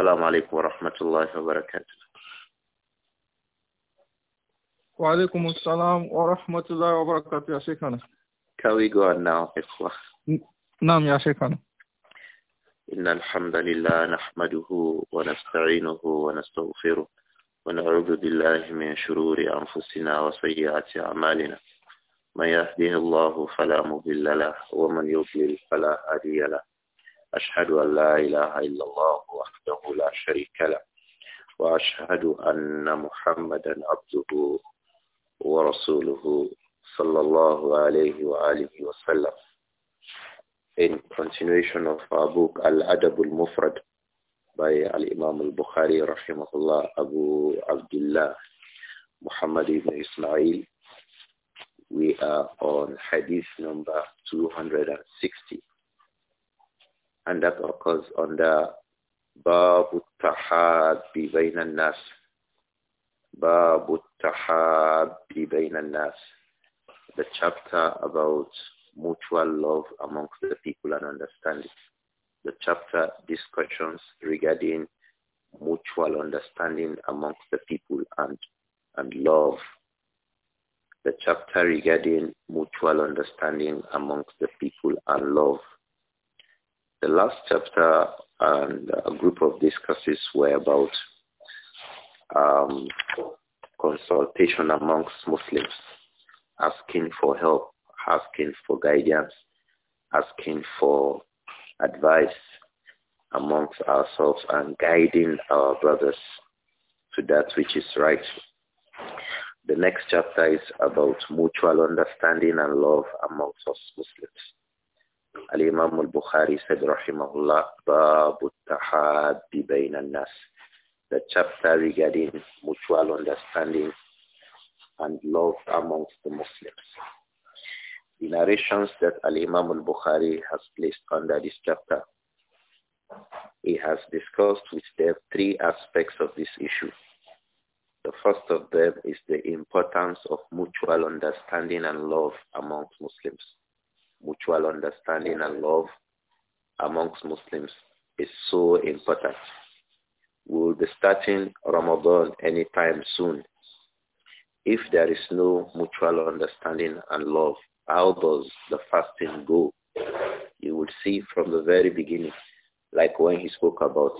السلام عليكم ورحمة الله وبركاته وعليكم السلام ورحمة الله وبركاته يا شيخنا Can we go on now, إخوة؟ نعم يا شيخنا إن الحمد لله نحمده ونستعينه ونستغفره ونعوذ بالله من شرور أنفسنا وسيئات أعمالنا من يهده الله فلا مضل له ومن يضلل فلا هادي له أشهد أن لا إله إلا الله وحده لا شريك له وأشهد أن محمدا عبده ورسوله صلى الله عليه وآله وسلم In continuation of our book Al-Adab al-Mufrad by Al-Imam al-Bukhari rahimahullah Abu Abdullah Muhammad ibn Ismail we are on hadith number 260 and that occurs under Babu Tahabi Bainan Nas. Babu Tahabi Bainan Nas. The chapter about mutual love amongst the people and understanding. The chapter discussions regarding mutual understanding amongst the people and, and love. The chapter regarding mutual understanding amongst the people and love. The last chapter and a group of discusses were about um, consultation amongst Muslims, asking for help, asking for guidance, asking for advice amongst ourselves and guiding our brothers to that which is right. The next chapter is about mutual understanding and love amongst us Muslims. Al-Imam al-Bukhari said, Rahimahullah, Babu Tahabi Bain The chapter regarding mutual understanding and love amongst the Muslims. The narrations that Al-Imam al-Bukhari has placed under this chapter, he has discussed with them three aspects of this issue. The first of them is the importance of mutual understanding and love amongst Muslims mutual understanding and love amongst Muslims is so important. We'll be starting Ramadan anytime soon. If there is no mutual understanding and love, how does the fasting go? You will see from the very beginning, like when he spoke about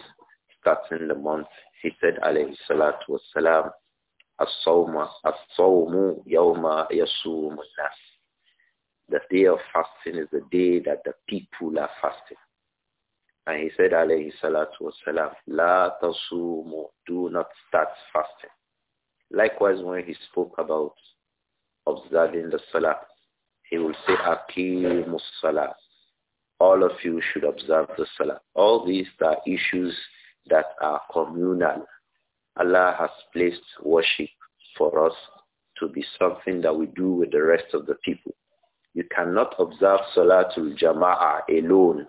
starting the month, he said, alayhi salatu wassalam, as-sawmu yawma yasum nas the day of fasting is the day that the people are fasting. And he said, alayhi salatu wasalam, la tasumu, do not start fasting. Likewise, when he spoke about observing the salah, he will say, akimus salah. All of you should observe the salah. All these are issues that are communal. Allah has placed worship for us to be something that we do with the rest of the people. You cannot observe Salatul Jama'ah alone.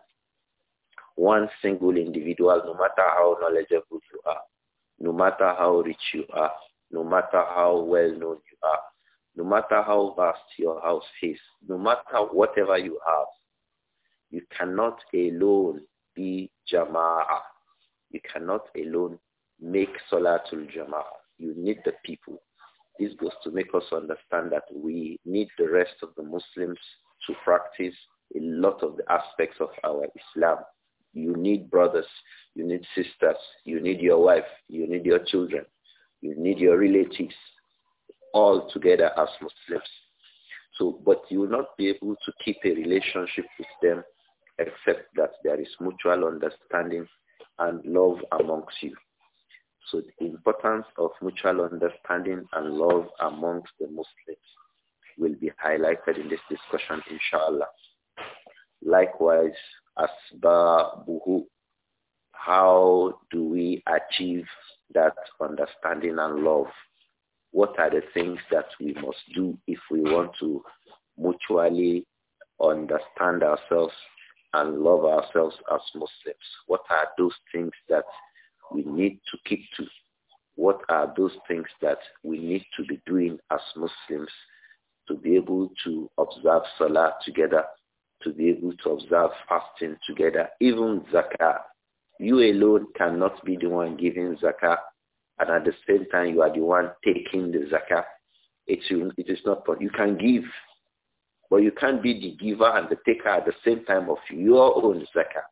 One single individual, no matter how knowledgeable you are, no matter how rich you are, no matter how well known you are, no matter how vast your house is, no matter whatever you have, you cannot alone be Jama'ah. You cannot alone make Salatul Jama'ah. You need the people. This goes to make us understand that we need the rest of the Muslims to practice a lot of the aspects of our Islam. You need brothers, you need sisters, you need your wife, you need your children, you need your relatives, all together as Muslims. So, but you will not be able to keep a relationship with them except that there is mutual understanding and love amongst you. So the importance of mutual understanding and love amongst the Muslims will be highlighted in this discussion, inshallah. Likewise, asbabuhu, how do we achieve that understanding and love? What are the things that we must do if we want to mutually understand ourselves and love ourselves as Muslims? What are those things that we need to keep to. What are those things that we need to be doing as Muslims to be able to observe Salah together, to be able to observe fasting together, even Zakah. You alone cannot be the one giving Zakah and at the same time you are the one taking the Zakah. It's, it is not, you can give, but you can't be the giver and the taker at the same time of your own Zakah.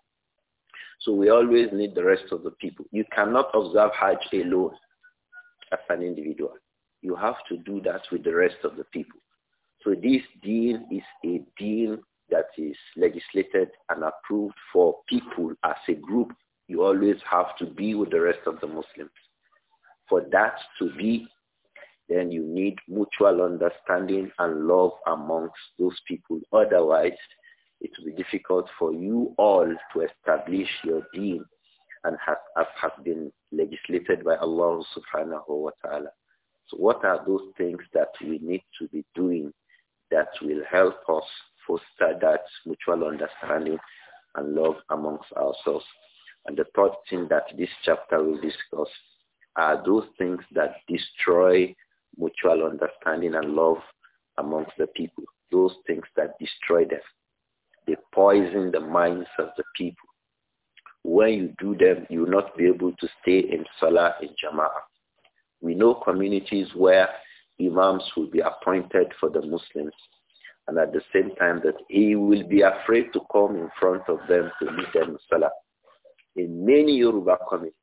So we always need the rest of the people. You cannot observe Hajj alone as an individual. You have to do that with the rest of the people. So this deal is a deal that is legislated and approved for people as a group. You always have to be with the rest of the Muslims. For that to be, then you need mutual understanding and love amongst those people. Otherwise, it will be difficult for you all to establish your deen and has, as has been legislated by Allah subhanahu wa ta'ala. So what are those things that we need to be doing that will help us foster that mutual understanding and love amongst ourselves? And the third thing that this chapter will discuss are those things that destroy mutual understanding and love amongst the people, those things that destroy them. They poison the minds of the people. When you do them, you will not be able to stay in Salah in Jama'ah. We know communities where imams will be appointed for the Muslims and at the same time that he will be afraid to come in front of them to lead them in Salah. In many Yoruba communities,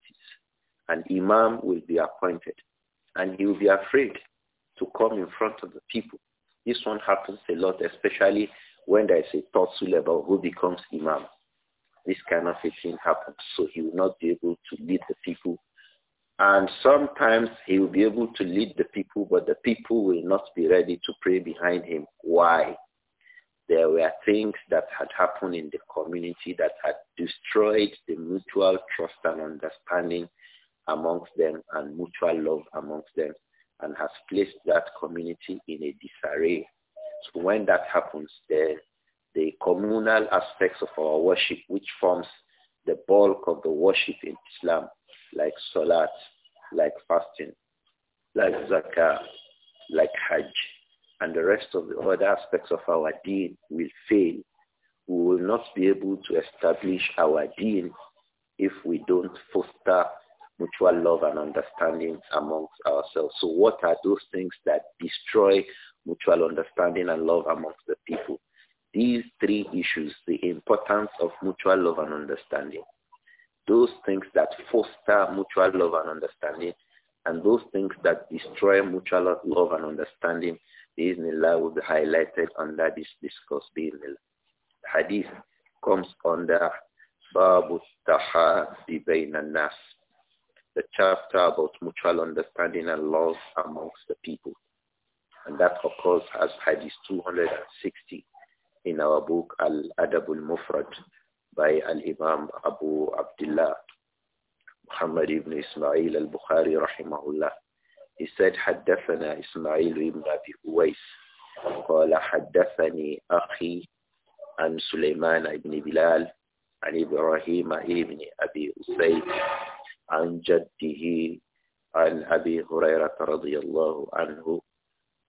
an imam will be appointed and he will be afraid to come in front of the people. This one happens a lot, especially when there is a third level who becomes imam, this kind of a thing happens. So he will not be able to lead the people. And sometimes he will be able to lead the people, but the people will not be ready to pray behind him. Why? There were things that had happened in the community that had destroyed the mutual trust and understanding amongst them and mutual love amongst them and has placed that community in a disarray when that happens, the, the communal aspects of our worship, which forms the bulk of the worship in Islam, like salat, like fasting, like zakah, like hajj, and the rest of the other aspects of our deen will fail. We will not be able to establish our deen if we don't foster mutual love and understanding amongst ourselves. So what are those things that destroy mutual understanding and love amongst the people. These three issues, the importance of mutual love and understanding, those things that foster mutual love and understanding, and those things that destroy mutual love and understanding, Bismillah will be highlighted under this discourse. Bismillah. The hadith comes under the chapter about mutual understanding and love amongst the people. And that of occurs as Hadith 260 in our book Al-Adabul Mufrad by Al-Imam Abu Abdullah Muhammad ibn Ismail al-Bukhari rahimahullah. He said, حدثنا إسماعيل ibn أبي هويس قال حدثني أخي عن سليمان ibn بلال عن إبراهيم ابن أبي أسيد عن جده عن أبي هريرة رضي الله عنه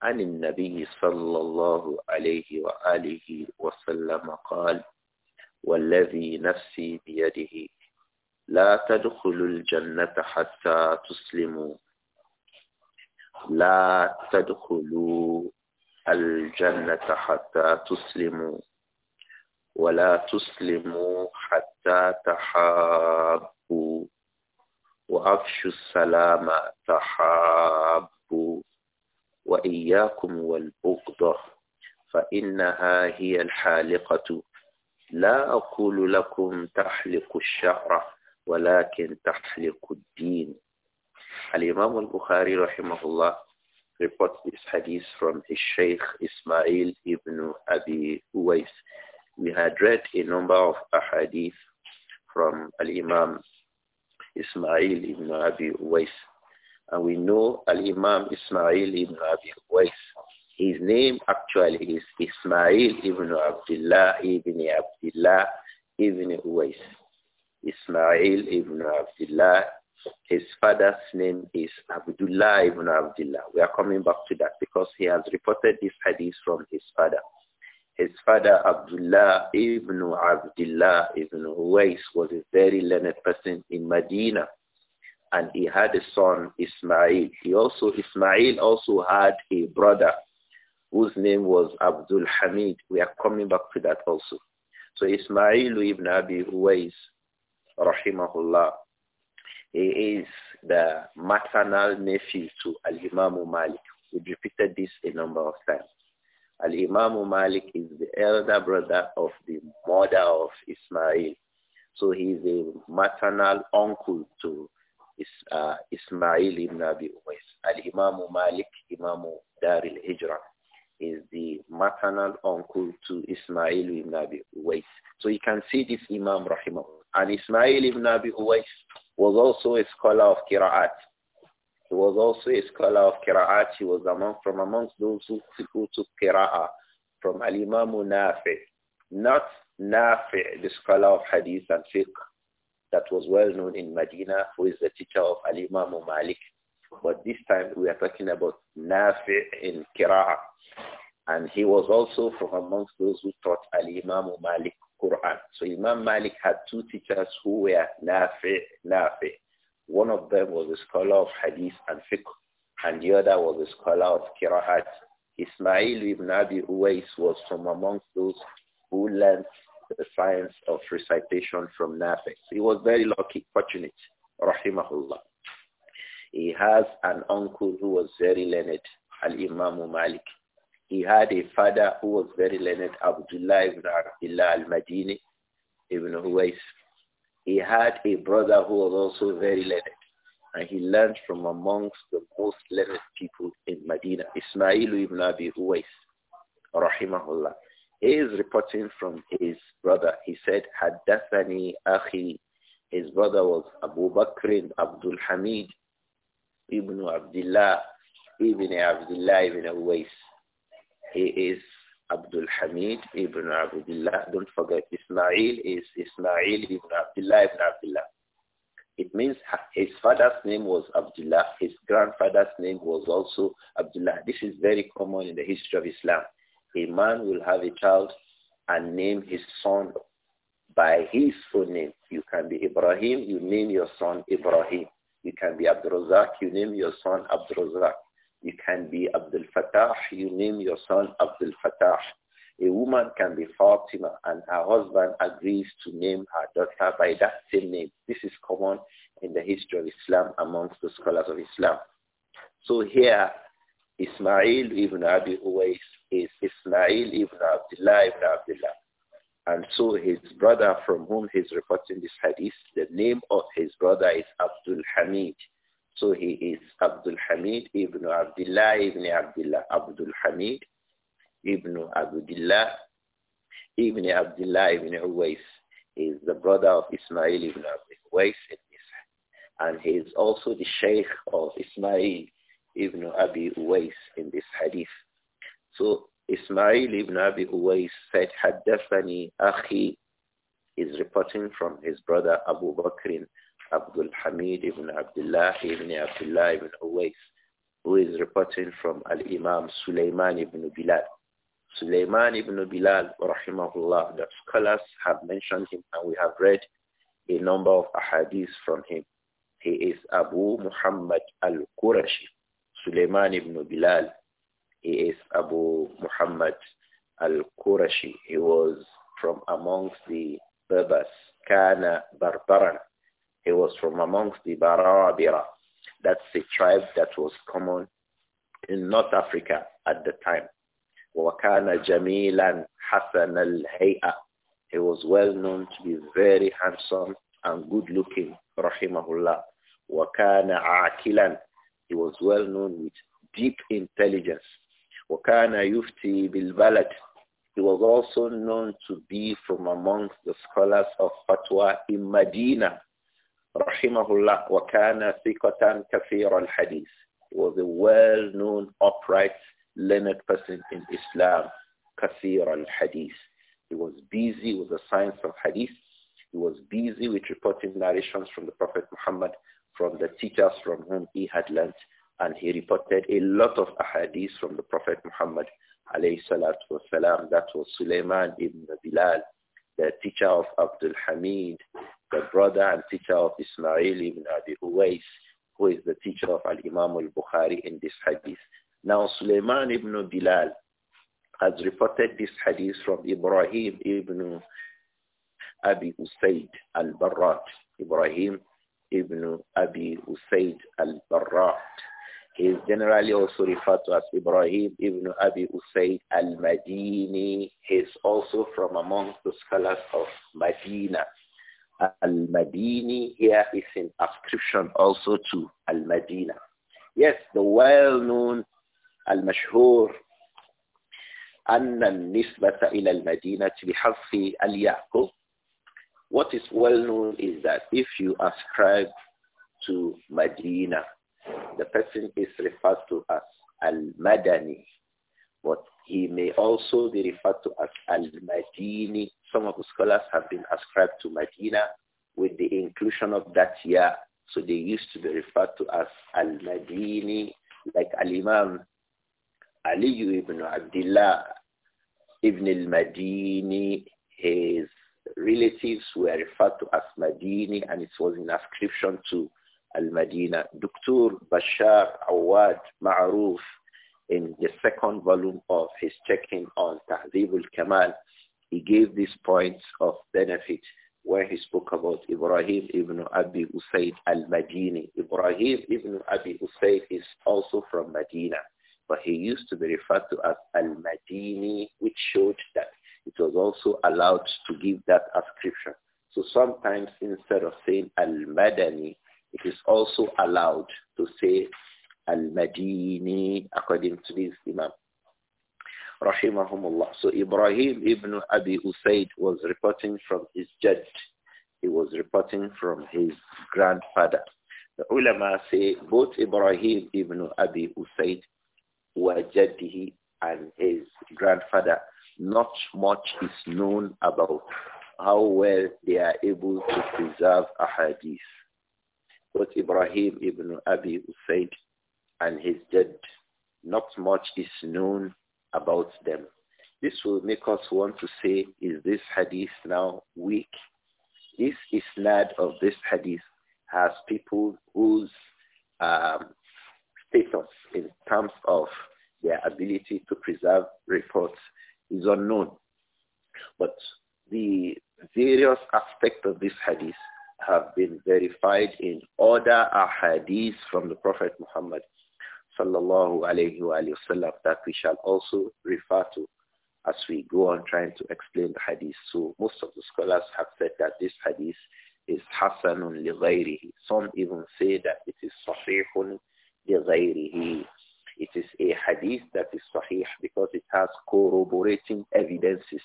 عن النبي صلى الله عليه وآله وسلم قال والذي نفسي بيده لا تدخلوا الجنة حتى تسلموا لا تدخلوا الجنة حتى تسلموا ولا تسلموا حتى تحابوا وأفشوا السلام تحابوا وإياكم والبغض فإنها هي الحالقة لا أقول لكم تحلق الشعر ولكن تحلق الدين الإمام البخاري رحمه الله report this hadith from his Sheikh Ismail ibn Abi Uwais. We had read a number of hadith from Al-Imam Ismail ibn Abi Uwais And we know Al-Imam Ismail ibn Abi Qais. His name actually is Ismail ibn Abdullah ibn Abdullah ibn Uwais. Ismail ibn Abdullah. His father's name is Abdullah ibn Abdullah. We are coming back to that because he has reported this hadith from his father. His father Abdullah ibn Abdullah ibn Uwais was a very learned person in Medina and he had a son, Ismail. He also, Ismail also had a brother whose name was Abdul Hamid. We are coming back to that also. So Ismail ibn Abi Huwais, rahimahullah, he is the maternal nephew to Al-Imam Malik. we repeated this a number of times. Al-Imam Malik is the elder brother of the mother of Ismail. So he is a maternal uncle to is uh, Ismail ibn Abi Uwais. Al-Imam Malik, Imam Dar al-Hijra, is the maternal uncle to Ismail ibn Abi Uwais. So you can see this Imam Rahimahullah, And Ismail ibn Abi Uwais was also a scholar of Qira'at. He was also a scholar of Qira'at. He was among, from amongst those who, who took Qiraat from Al-Imam Nafi. Not Nafi, the scholar of Hadith and Fiqh, that was well known in Medina, who is the teacher of Al-Imam Malik. But this time we are talking about Nafi in Qira'ah. And he was also from amongst those who taught Al-Imam Malik Quran. So Imam Malik had two teachers who were Nafi, Nafi. One of them was a scholar of Hadith and Fiqh, and the other was a scholar of Kiraat. Ismail ibn Abi Uwais was from amongst those who learned the science of recitation from Nafis. He was very lucky, fortunate, rahimahullah. He has an uncle who was very learned, Al-Imam Malik. He had a father who was very learned, Abdullah ibn Abdullah al-Madini ibn Huwais. He had a brother who was also very learned, and he learned from amongst the most learned people in Medina, Ismail ibn Abi Huwais, rahimahullah. He is reporting from his brother. He said, Haddathani Akhi. His brother was Abu Bakr Abdul Hamid ibn Abdullah ibn Abdullah ibn Uwais. He is Abdul Hamid ibn Abdullah. Don't forget, Ismail is Ismail ibn Abdullah ibn Abdullah. It means his father's name was Abdullah. His grandfather's name was also Abdullah. This is very common in the history of Islam a man will have a child and name his son by his full name. You can be Ibrahim, you name your son Ibrahim. You can be Abdurazak, you name your son Abdurazak. You can be Abdul Fattah, you name your son Abdul Fattah. A woman can be Fatima and her husband agrees to name her daughter by that same name. This is common in the history of Islam amongst the scholars of Islam. So here, Ismail ibn Abi Uwais is Ismail ibn Abdullah ibn Abdullah. And so his brother from whom he's reporting this hadith, the name of his brother is Abdul Hamid. So he is Abdul Hamid ibn Abdullah ibn Abdullah. Abdul Hamid ibn Abdullah ibn Abdullah ibn Uwais. is the brother of Ismail ibn Uwais and he is also the sheikh of Ismail ibn Abi Uwais in this hadith. So Ismail ibn Abi Uwais said, Haddathani Akhi is reporting from his brother Abu Bakr Abdul Hamid ibn Abdullah ibn Abdullah ibn Uwais, who is reporting from Al-Imam Sulaiman ibn Bilal. Sulaiman ibn Bilal, rahimahullah, the scholars have mentioned him and we have read a number of ahadith from him. He is Abu Muhammad al-Qurashi. Sulaiman ibn Bilal he is Abu Muhammad al-Qurashi. He was from amongst the Berbers. Kana Barbaran. He was from amongst the Barabira. That's a tribe that was common in North Africa at the time. Jamilan جَمِيلًا al الْهَيْئَةِ He was well known to be very handsome and good looking, rahimahullah. وَكَانَ عَاكِلًا He was well known with deep intelligence. وَكَانَ يُفْتِي بِالْبَلَدِ He was also known to be from amongst the scholars of fatwa in Medina. Rahimahullah وَكَانَ ثِقَةً كَثِيرَ الْحَدِيثِ He was a well-known, upright, learned person in Islam. كَثِيرَ Hadith. He was busy with the science of hadith. He was busy with reporting narrations from the Prophet Muhammad, from the teachers from whom he had learnt and he reported a lot of ahadith from the Prophet Muhammad alayhi That was Sulaiman ibn Bilal, the teacher of Abdul Hamid, the brother and teacher of Ismail ibn Abi Uwais, who is the teacher of Al-Imam al-Bukhari in this hadith. Now Sulaiman ibn Bilal has reported this hadith from Ibrahim ibn Abi Usaid al-Barrat. Ibrahim ibn Abi Usaid al-Barrat He's is generally also referred to as Ibrahim ibn Abi Usaid al-Madini. He's also from among the scholars of Medina. Al-Madini here is an ascription also to Al-Madina. Yes, the well-known Al-Mashhur أن النسبة إلى المدينة al الياء. What is well known is that if you ascribe to Medina, the person is referred to as Al-Madani, but he may also be referred to as Al-Madini. Some of the scholars have been ascribed to Medina with the inclusion of that year. So they used to be referred to as Al-Madini, like Al-Imam Ali ibn Abdullah ibn al-Madini. His relatives were referred to as Madini, and it was an ascription to al دكتور بشّار Bashar Awad in the second volume of his checking on Tahzib الكمال he gave these points of benefit where he spoke about Ibrahim ibn Abi Usaid al-Madini. Ibrahim ibn Abi Usaid is also from Medina, but he used to be referred to as al-Madini, which showed that it was also allowed to give that ascription. So sometimes instead of saying al-Madani, it is also allowed to say Al-Madini according to this Imam. Rahimahumullah. So Ibrahim ibn Abi Usaid was reporting from his judge. He was reporting from his grandfather. The ulama say both Ibrahim ibn Abi Usaid were jaddihi and his grandfather. Not much is known about how well they are able to preserve a hadith was Ibrahim ibn Abi Usaid and his dead. Not much is known about them. This will make us want to say, is this hadith now weak? This isnad of this hadith has people whose um, status in terms of their ability to preserve reports is unknown. But the various aspects of this hadith have been verified in other ahadith from the Prophet Muhammad sallallahu alayhi wa sallam that we shall also refer to as we go on trying to explain the hadith. So most of the scholars have said that this hadith is hasanun li ghayrihi. Some even say that it is sahihun li It is a hadith that is sahih because it has corroborating evidences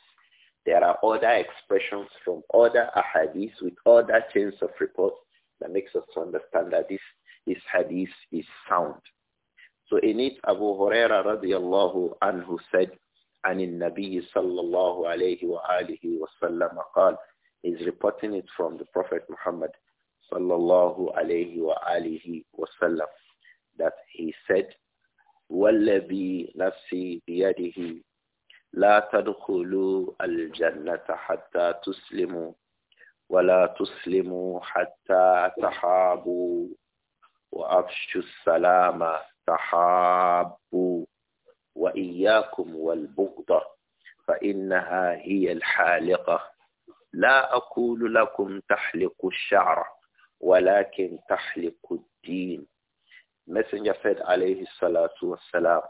there are other expressions from other ahadith with other chains of reports that makes us understand that this, this hadith is sound. So in it, Abu Huraira radiallahu anhu said, عن النبي صلى الله عليه وآله وسلم قال is reporting it from the Prophet Muhammad صلى الله عليه وآله وسلم that he said والذي نفسي بيده لا تدخلوا الجنة حتى تسلموا ولا تسلموا حتى تحابوا وأفشوا السلام تحابوا وإياكم والبغضة فإنها هي الحالقة لا أقول لكم تحلق الشعر ولكن تحلق الدين Messenger said عليه الصلاة والسلام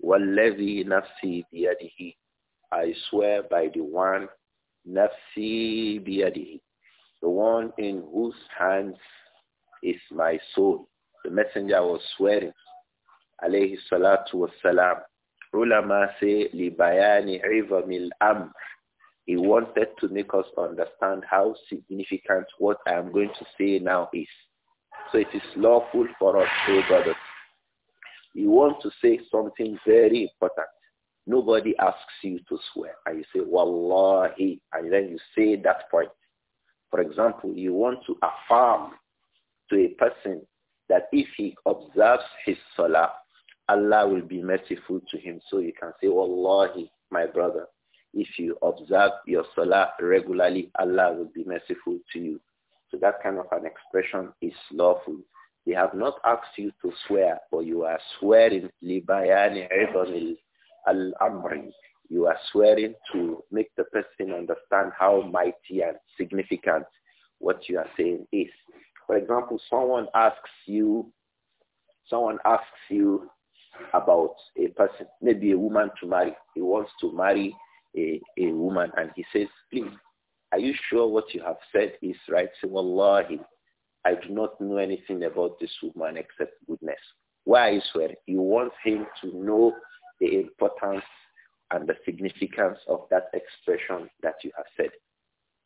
وَالَّذِي نَفْسِي بِيَدِهِ I swear by the one نَفْسِي بِيَدِهِ The one in whose hands is my soul. The messenger was swearing. Alayhi salatu wassalam. Ulama say, لِبَيَانِ mil الْأَمْرِ He wanted to make us understand how significant what I am going to say now is. So it is lawful for us, O brothers you want to say something very important. Nobody asks you to swear. And you say, Wallahi. And then you say that point. For example, you want to affirm to a person that if he observes his salah, Allah will be merciful to him. So you can say, Wallahi, my brother, if you observe your salah regularly, Allah will be merciful to you. So that kind of an expression is lawful they have not asked you to swear, but you are swearing libayani al-amri. You are swearing to make the person understand how mighty and significant what you are saying is. For example, someone asks you, someone asks you about a person, maybe a woman to marry. He wants to marry a, a woman and he says, please, are you sure what you have said is right? Say, Wallahi, I do not know anything about this woman except goodness. Why is where you want him to know the importance and the significance of that expression that you have said.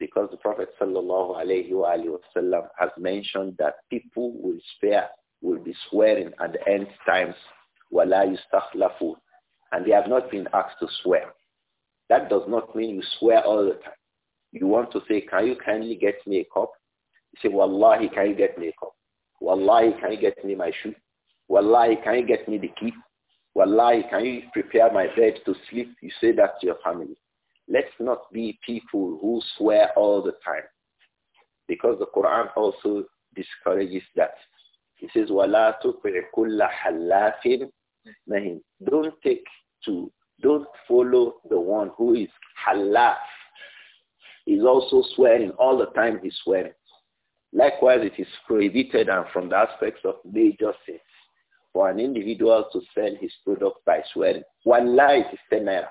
Because the Prophet sallallahu has mentioned that people will swear, will be swearing at the end times, wala yustakhlafu, and they have not been asked to swear. That does not mean you swear all the time. You want to say, can you kindly get me a cup? You say, Wallahi, can you get me a cup? Wallahi, can you get me my shoe? Wallahi, can you get me the key? Wallahi, can you prepare my bed to sleep? You say that to your family. Let's not be people who swear all the time. Because the Quran also discourages that. He says, وَلَا halafin." كُلَّ مَهِينٍ Don't take to, don't follow the one who is halaf. He's also swearing all the time he's swearing. Likewise, it is prohibited and from the aspects of major sins for an individual to sell his product by swearing. Wallahi, it is 10 naira.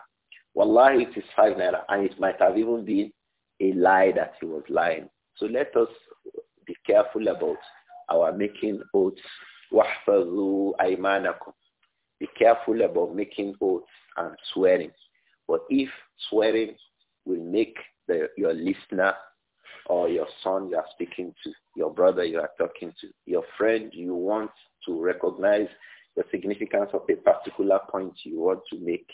Wallahi, it is 5 naira. And it might have even been a lie that he was lying. So let us be careful about our making oaths. وَحْفَظُوا أَيْمَانَكُمْ Be careful about making oaths and swearing. But if swearing will make the, your listener or your son you are speaking to, your brother you are talking to, your friend you want to recognize the significance of a particular point you want to make.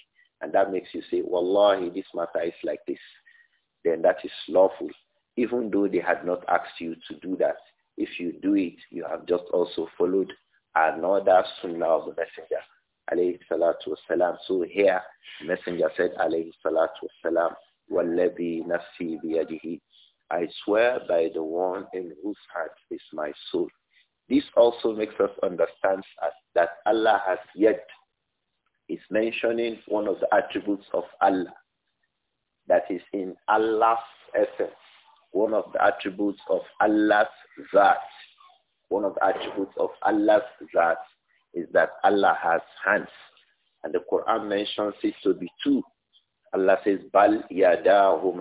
And that makes you say, Wallahi, this matter is like this. Then that is lawful. Even though they had not asked you to do that, if you do it, you have just also followed another sunnah of the messenger. salatu wasalam. So here, messenger said, alayhi salatu wasalam, وَالَّذِي نَفْسِي بِيَدِهِ I swear by the one in whose heart is my soul. This also makes us understand that Allah has yet is mentioning one of the attributes of Allah that is in Allah's essence, one of the attributes of Allah's That One of the attributes of Allah's That is that Allah has hands. And the Quran mentions it to be two. Allah says, Bal yadahu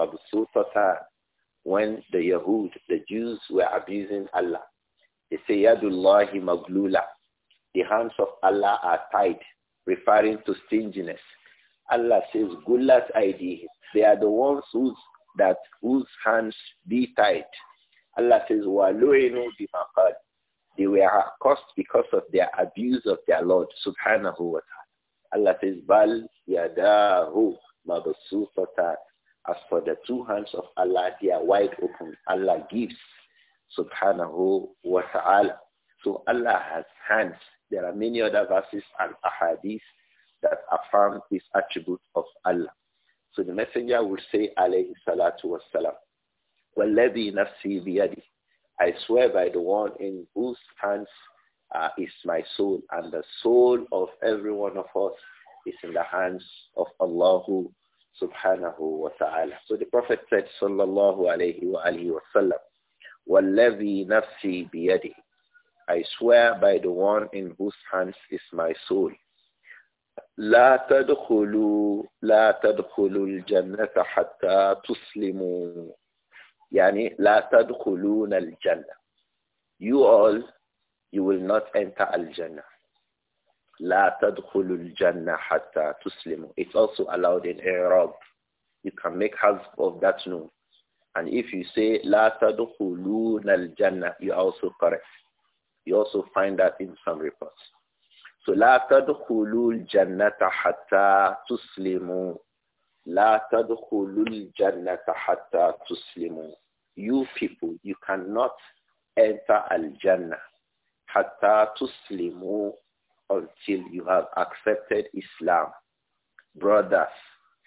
when the Yahud, the Jews were abusing Allah. They say, Yadullahi maglula. The hands of Allah are tied, referring to stinginess. Allah says, Gullat aidihim. They are the ones whose, that, whose hands be tied. Allah says, Walu'inu bimaqad. They were cursed because of their abuse of their Lord, subhanahu wa ta'ala. Allah says, Bal yadahu mabsutatan. As for the two hands of Allah, they are wide open. Allah gives, subhanahu wa ta'ala. So Allah has hands. There are many other verses and ahadith that affirm this attribute of Allah. So the messenger will say, alayhi salatu wassalam, وَالَّذِي نَفْسِي بِيَدِهِ I swear by the one in whose hands uh, is my soul, and the soul of every one of us is in the hands of Who subhanahu wa ta'ala. So the Prophet said, sallallahu alayhi wa alihi wa sallam, وَالَّذِي نَفْسِي بِيَدِهِ I swear by the one in whose hands is my soul. لا تدخلوا لا تدخلوا الجنة حتى تسلموا يعني لا تدخلون الجنة You all, you will not enter al-Jannah لا تدخلوا الجنة حتى تسلموا. It's also allowed in Arab. You can make hazf of that noon. And if you say لا تدخلون الجنة, you also correct. You also find that in some reports. So لا تدخل الجنة حتى تسلموا. لا تدخل الجنة حتى تسلموا. You people, you cannot enter al-Jannah حتى تسلموا until you have accepted Islam. Brothers,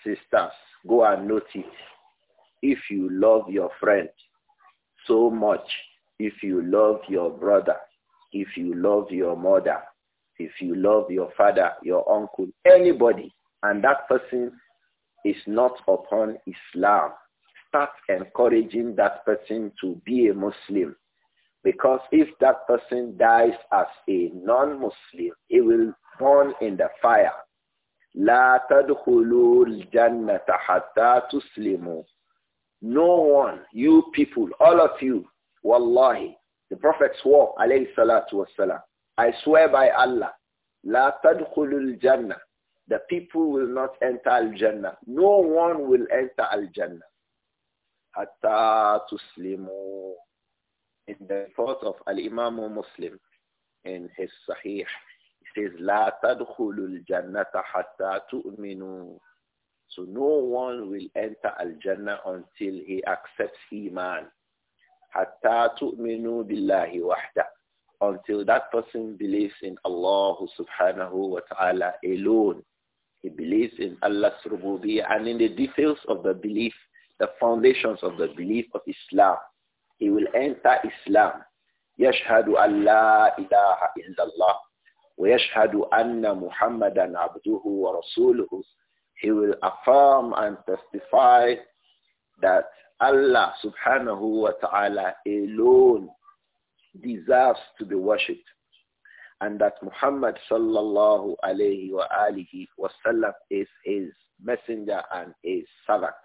sisters, go and note it. If you love your friend so much, if you love your brother, if you love your mother, if you love your father, your uncle, anybody, and that person is not upon Islam, start encouraging that person to be a Muslim. Because if that person dies as a non-Muslim, he will burn in the fire. لا تدخلوا الجنة حتى تسلموا. No one, you people, all of you, wallahi, the Prophet swore, alayhi salatu wasalam, I swear by Allah, لا تدخلوا الجنة. The people will not enter al-Jannah. No one will enter al-Jannah. حتى تسلموا in the report of Al-Imam Muslim in his Sahih, he says, لا al الجنة حتى تؤمنوا. So no one will enter Al-Jannah until he accepts Iman. حتى تؤمنوا بالله وحده. Until that person believes in Allah subhanahu wa ta'ala alone. He believes in Allah's rububiyyah and in the details of the belief, the foundations of the belief of Islam he will enter Islam. يشهد أن لا إله إلا الله ويشهد أن محمدا عبده ورسوله He will affirm and testify that Allah subhanahu wa ta'ala alone deserves to be worshipped and that Muhammad sallallahu alayhi wa alihi wasallam is his messenger and his servant.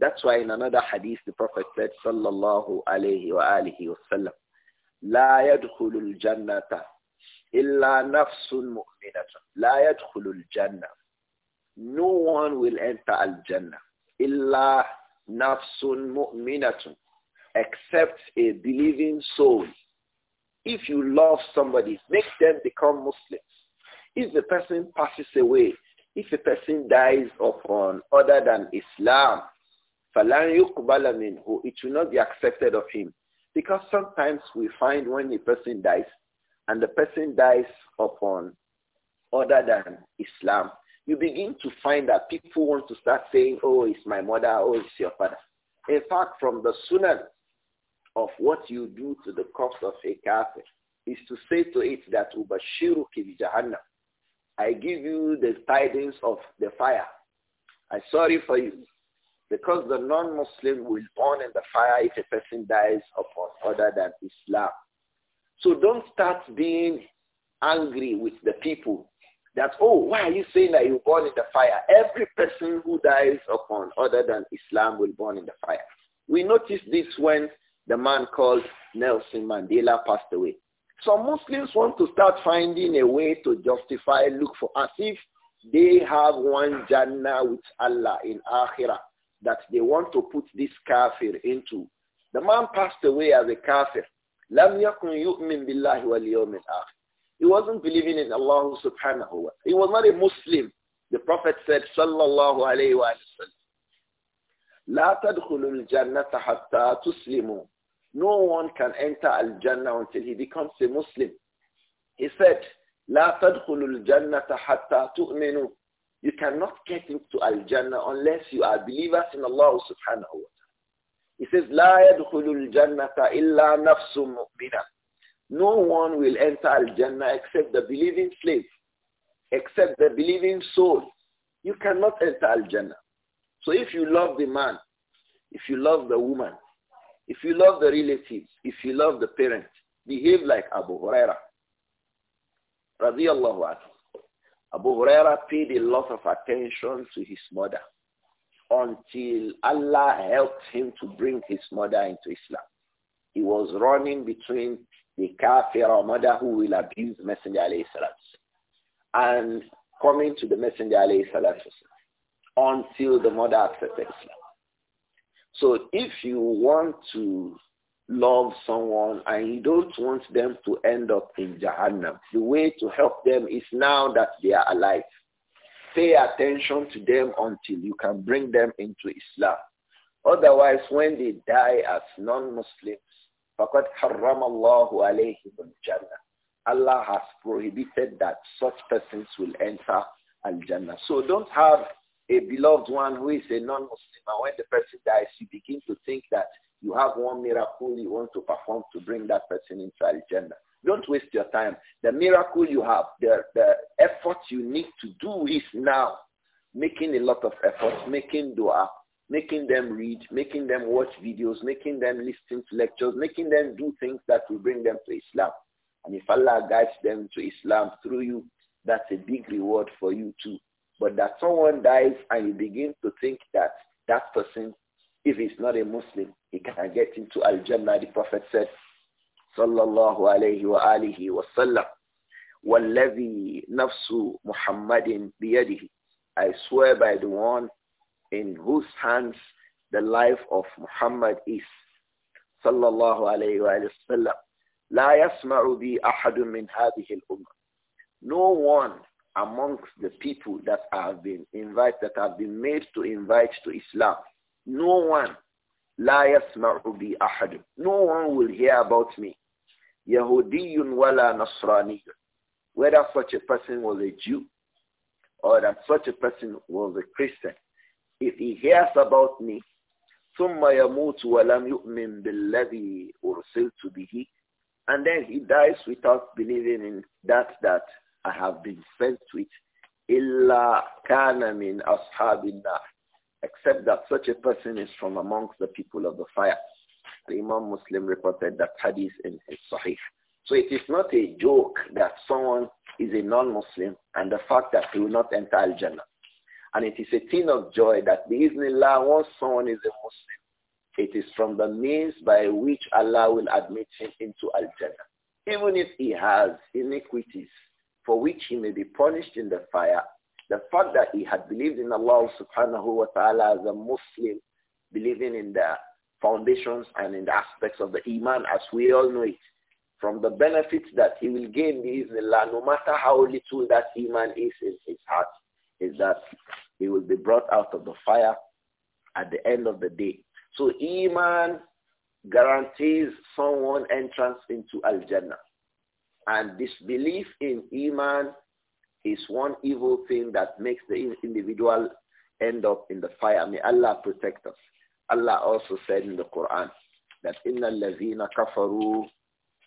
That's why in another hadith the Prophet said, Sallallahu alayhi wa alihi wa sallam, لا يدخل الجنة إلا نفس مؤمنة لا يدخل الجنة No one will enter al-Jannah إلا نفس مؤمنة except a believing soul. If you love somebody, make them become Muslims. If the person passes away, if a person dies upon other than Islam, فَلَنْ يُقْبَلَ مِنْهُ It will not be accepted of him. Because sometimes we find when a person dies, and the person dies upon other than Islam, you begin to find that people want to start saying, oh, it's my mother, oh, it's your father. In fact, from the sunnah of what you do to the corpse of a kafir is to say to it that Ubashiru jahannam. I give you the tidings of the fire. I sorry for you. Because the non-Muslim will burn in the fire if a person dies upon other than Islam. So don't start being angry with the people that, oh, why are you saying that you burn in the fire? Every person who dies upon other than Islam will burn in the fire. We noticed this when the man called Nelson Mandela passed away. Some Muslims want to start finding a way to justify, look for, as if they have one Jannah with Allah in Akhirah that they want to put this kafir into. The man passed away as a kafir. لم يكن يؤمن بالله واليوم الآخر. He wasn't believing in Allah subhanahu wa Taala. He was not a Muslim. The Prophet said, sallallahu alayhi wa sallam, لا تدخلوا الجنة حتى تسلموا. No one can enter al-Jannah until he becomes a Muslim. He said, لا تدخلوا الجنة حتى تؤمنوا. You cannot get into Al-Jannah unless you are believers in Allah subhanahu wa ta'ala. He says, لا يدخل الجنة إلا نفس مؤمنة. No one will enter Al-Jannah except the believing slave, except the believing soul. You cannot enter Al-Jannah. So if you love the man, if you love the woman, if you love the relatives, if you love the parents, behave like Abu Huraira. الله عنه. Abu Huraira paid a lot of attention to his mother until Allah helped him to bring his mother into Islam. He was running between the kafir mother who will abuse Messenger alayhi and coming to the Messenger alayhi until the mother accepted Islam. So if you want to love someone and you don't want them to end up in Jahannam. The way to help them is now that they are alive. Pay attention to them until you can bring them into Islam. Otherwise, when they die as non-Muslims, فَقَدْ حَرَّمَ اللَّهُ عَلَيْهِمُ الْجَنَّةِ Allah has prohibited that such persons will enter Al-Jannah. So don't have a beloved one who is a non-Muslim and when the person dies, you begin to think that you have one miracle you want to perform to bring that person into Al-Jannah. Don't waste your time. The miracle you have, the, the effort you need to do is now. Making a lot of effort, making dua, making them read, making them watch videos, making them listen to lectures, making them do things that will bring them to Islam. And if Allah guides them to Islam through you, that's a big reward for you too. But that someone dies and you begin to think that that person, if he's not a Muslim, and get into Al-Jannah, the Prophet said, sallallahu alayhi wa alihi wa sallam, وَالَّذِي نَفْسُ مُحَمَّدٍ بِيَدِهِ I swear by the one in whose hands the life of Muhammad is. Sallallahu alayhi wa sallam. لا يسمع بي أحد من هذه الأمة. No one amongst the people that have been invited, that have been made to invite to Islam. No one no one will hear about me. Yahudiyun wala Nasraniyun. Whether such a person was a Jew or that such a person was a Christian. If he hears about me, ثم يموت ولم يؤمن بالذي أرسلت به and then he dies without believing in that that I have been sent with إلا كان من أصحاب النار except that such a person is from amongst the people of the fire. The Imam Muslim reported that hadith in his Sahih. So it is not a joke that someone is a non-Muslim and the fact that he will not enter Al-Jannah. And it is a thing of joy that Bismillah, once someone is a Muslim, it is from the means by which Allah will admit him into Al-Jannah. Even if he has iniquities for which he may be punished in the fire, the fact that he had believed in Allah subhanahu wa ta'ala as a Muslim, believing in the foundations and in the aspects of the Iman as we all know it, from the benefits that he will gain land, no matter how little that Iman is in his heart, is that he will be brought out of the fire at the end of the day. So Iman guarantees someone entrance into Al-Jannah. And disbelief in Iman is one evil thing that makes the individual end up in the fire. May Allah protect us. Allah also said in the Quran that إِنَّ الَّذِينَ كَفَرُوا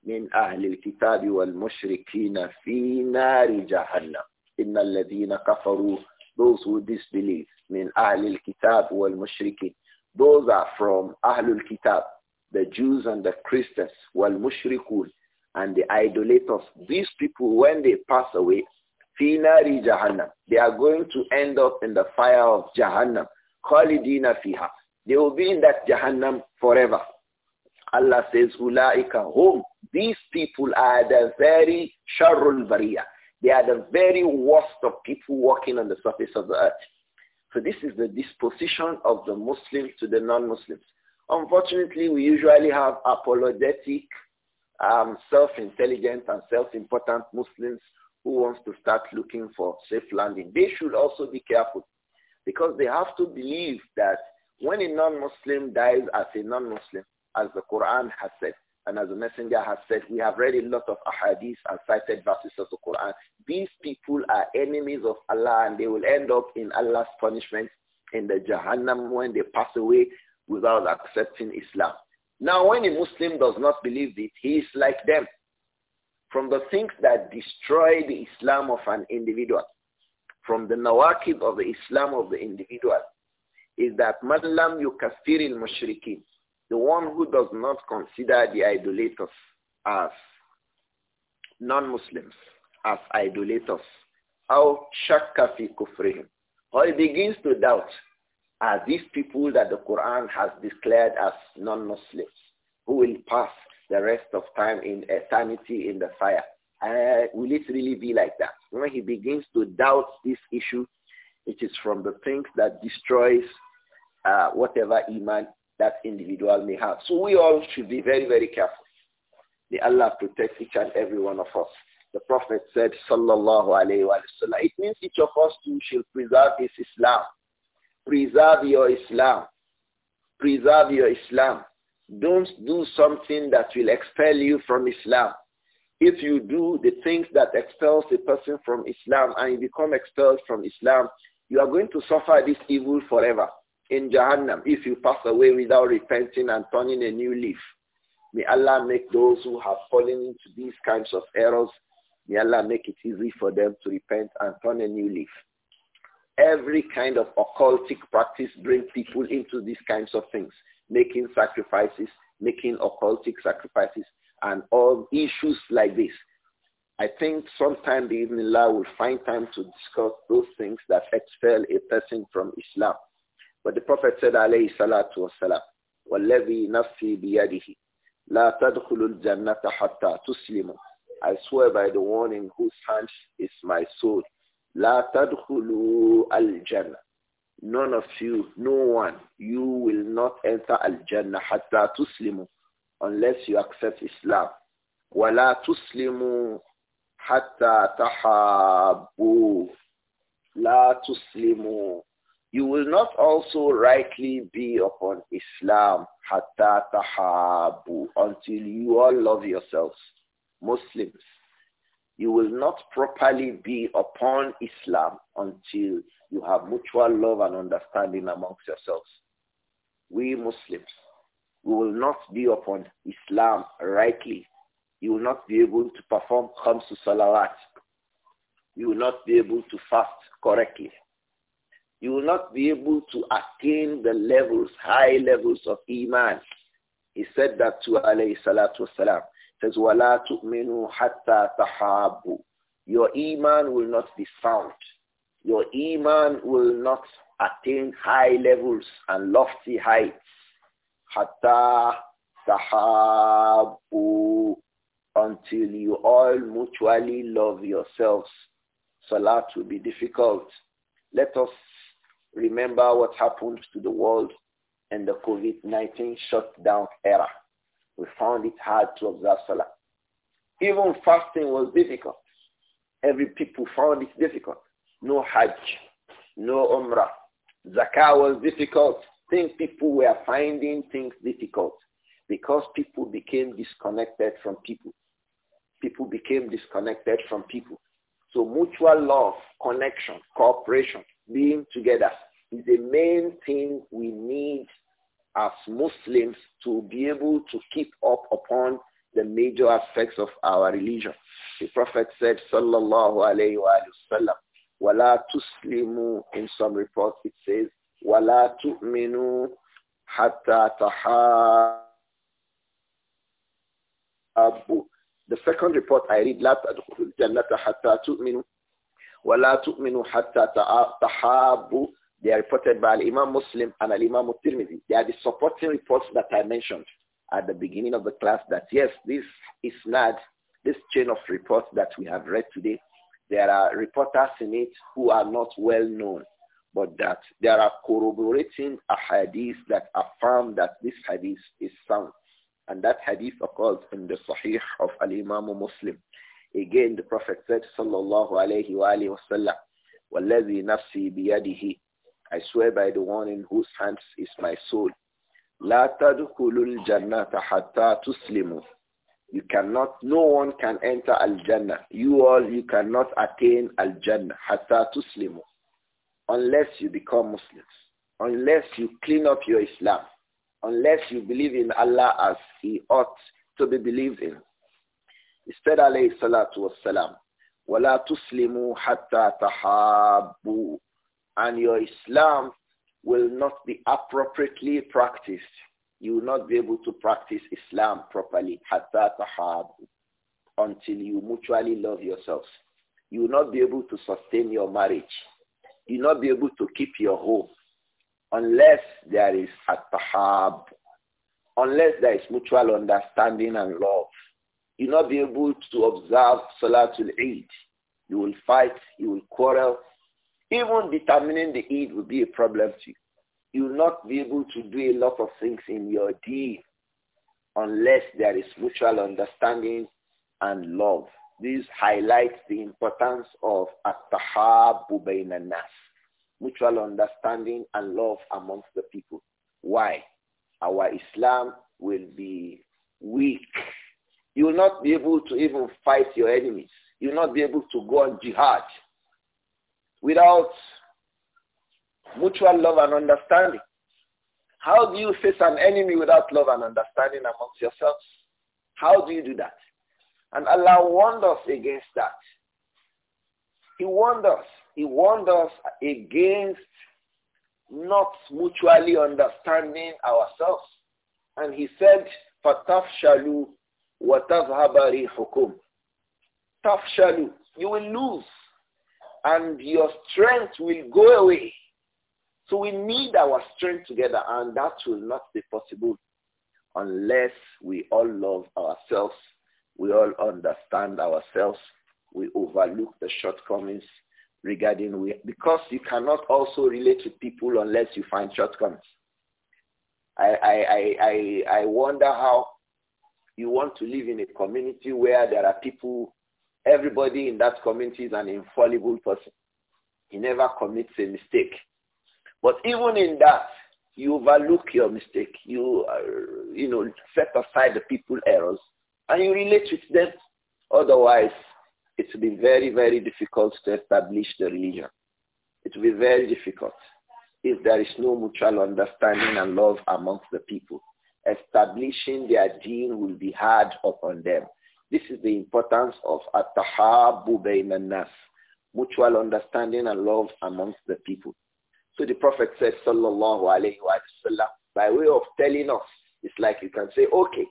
مِنْ أَهْلِ الْكِتَابِ وَالْمُشْرِكِينَ فِي نَارِ جَهَنَّمَ الَّذِينَ Those who disbelieve مِنْ أَهْلِ الْكِتَابِ وَالْمُشْرِكِينَ Those are from Ahlul Kitab, the Jews and the Christians, وَالْمُشْرِكُونَ and the idolaters. These people, when they pass away, Finari Jahannam. They are going to end up in the fire of Jahannam. Khalidina fiha. They will be in that Jahannam forever. Allah says, Ulaika hum. These people are the very sharul bariya. They are the very worst of people walking on the surface of the earth. So this is the disposition of the Muslims to the non-Muslims. Unfortunately, we usually have apologetic, um, self-intelligent and self-important Muslims who wants to start looking for safe landing, they should also be careful because they have to believe that when a non-Muslim dies as a non-Muslim, as the Quran has said, and as the messenger has said, we have read a lot of ahadith and cited verses of the Quran. These people are enemies of Allah and they will end up in Allah's punishment in the Jahannam when they pass away without accepting Islam. Now, when a Muslim does not believe it, he is like them from the things that destroy the Islam of an individual, from the nawakib of the Islam of the individual, is that madlam yukafiril mushrikin, the one who does not consider the idolaters as non-Muslims, as idolaters, how shakka fi kufrihim, or he begins to doubt, are these people that the Quran has declared as non-Muslims, who will pass the rest of time in eternity in the fire. Uh, will it really be like that? When he begins to doubt this issue, it is from the things that destroys uh, whatever iman that individual may have. So we all should be very, very careful. May Allah protect each and every one of us. The Prophet said, Sallallahu Alaihi Wasallam, it means each of us too shall preserve his Islam. Preserve your Islam. Preserve your Islam. Don't do something that will expel you from Islam. If you do the things that expels a person from Islam and you become expelled from Islam, you are going to suffer this evil forever in Jahannam if you pass away without repenting and turning a new leaf. May Allah make those who have fallen into these kinds of errors, may Allah make it easy for them to repent and turn a new leaf. Every kind of occultic practice brings people into these kinds of things making sacrifices, making occultic sacrifices, and all issues like this. I think sometime the evening law will find time to discuss those things that expel a person from Islam. But the Prophet said, alayhi salatu wasalam, وَالَّذِي نَفِّي بِيَدِهِ لَا تَدْخُلُ الْجَنَّةَ حَتَّى تُسْلِمُ I swear by the one in whose hands is my soul. لَا تَدْخُلُوا الْجَنَّةَ None of you, no one, you will not enter al-jannah hatta tuslimu unless you accept Islam. وَلَا تُسْلِمُوا hatta ta'habu, la تُسْلِمُوا You will not also rightly be upon Islam hatta ta'habu, until you all love yourselves, Muslims. You will not properly be upon Islam until you have mutual love and understanding amongst yourselves. We Muslims, we will not be upon Islam rightly. You will not be able to perform khamsu salawat. You will not be able to fast correctly. You will not be able to attain the levels, high levels of iman. He said that to alayhi salatu wasalam. says, وَلَا تُؤْمِنُوا حَتَّى Your iman will not be sound your iman will not attain high levels and lofty heights. Hatta sahabu, until you all mutually love yourselves. Salat will be difficult. Let us remember what happened to the world in the COVID-19 shutdown era. We found it hard to observe Salah. Even fasting was difficult. Every people found it difficult no Hajj, no Umrah. Zakah was difficult. Things people were finding things difficult because people became disconnected from people. People became disconnected from people. So mutual love, connection, cooperation, being together is the main thing we need as Muslims to be able to keep up upon the major aspects of our religion. The Prophet said, Sallallahu Alaihi Wasallam, wala tuslimu. In some reports it says wala tu'minu hatta tahabu. The second report I read la tadkhulul jannata hatta tu'minu wala tu'minu hatta tahabu. They are reported by Imam Muslim and Imam Tirmidhi. They are the supporting reports that I mentioned at the beginning of the class that yes, this is not this chain of reports that we have read today there are reporters in it who are not well known, but that there are corroborating hadiths that affirm that this hadith is sound. And that hadith occurs in the Sahih of Al-Imam Muslim. Again, the Prophet said, Sallallahu Alaihi Wasallam, وَالَّذِي نَفْسِي بِيَدِهِ I swear by the one in whose hands is my soul. لَا تَدْخُلُ الْجَنَّةَ حَتَّى تُسْلِمُوا you cannot, no one can enter Al-Jannah. You all, you cannot attain Al-Jannah, hatta tuslimu, unless you become Muslims, unless you clean up your Islam, unless you believe in Allah as he ought to be believed in. He said, alayhi salatu wassalam, وَلَا تُسْلِمُوا حَتَّى تَحَابُوا And your Islam will not be appropriately practiced you will not be able to practice Islam properly until you mutually love yourselves. You will not be able to sustain your marriage. You will not be able to keep your home unless there is at-tahab, unless there is mutual understanding and love. You will not be able to observe Salatul Eid. You will fight, you will quarrel. Even determining the Eid will be a problem to you you will not be able to do a lot of things in your deed unless there is mutual understanding and love. This highlights the importance of at nas, mutual understanding and love amongst the people. Why? Our Islam will be weak. You will not be able to even fight your enemies. You will not be able to go on jihad without Mutual love and understanding. How do you face an enemy without love and understanding amongst yourselves? How do you do that? And Allah warned us against that. He warned us. He warned us against not mutually understanding ourselves. And he said, فَتَفْشَلُوا وَتَذْهَبَ رِيحُكُمْ Tafshalu, you will lose and your strength will go away. So we need our strength together, and that will not be possible unless we all love ourselves, we all understand ourselves, we overlook the shortcomings regarding we, because you cannot also relate with people unless you find shortcomings. I, I, I, I wonder how you want to live in a community where there are people, everybody in that community is an infallible person. He never commits a mistake. But even in that, you overlook your mistake. You, uh, you know, set aside the people errors and you relate with them. Otherwise, it will be very, very difficult to establish the religion. It will be very difficult if there is no mutual understanding and love amongst the people. Establishing their deen will be hard upon them. This is the importance of at-tahabu nas mutual understanding and love amongst the people. So the Prophet said, sallallahu alayhi wa sallam, by way of telling us, it's like you can say, okay.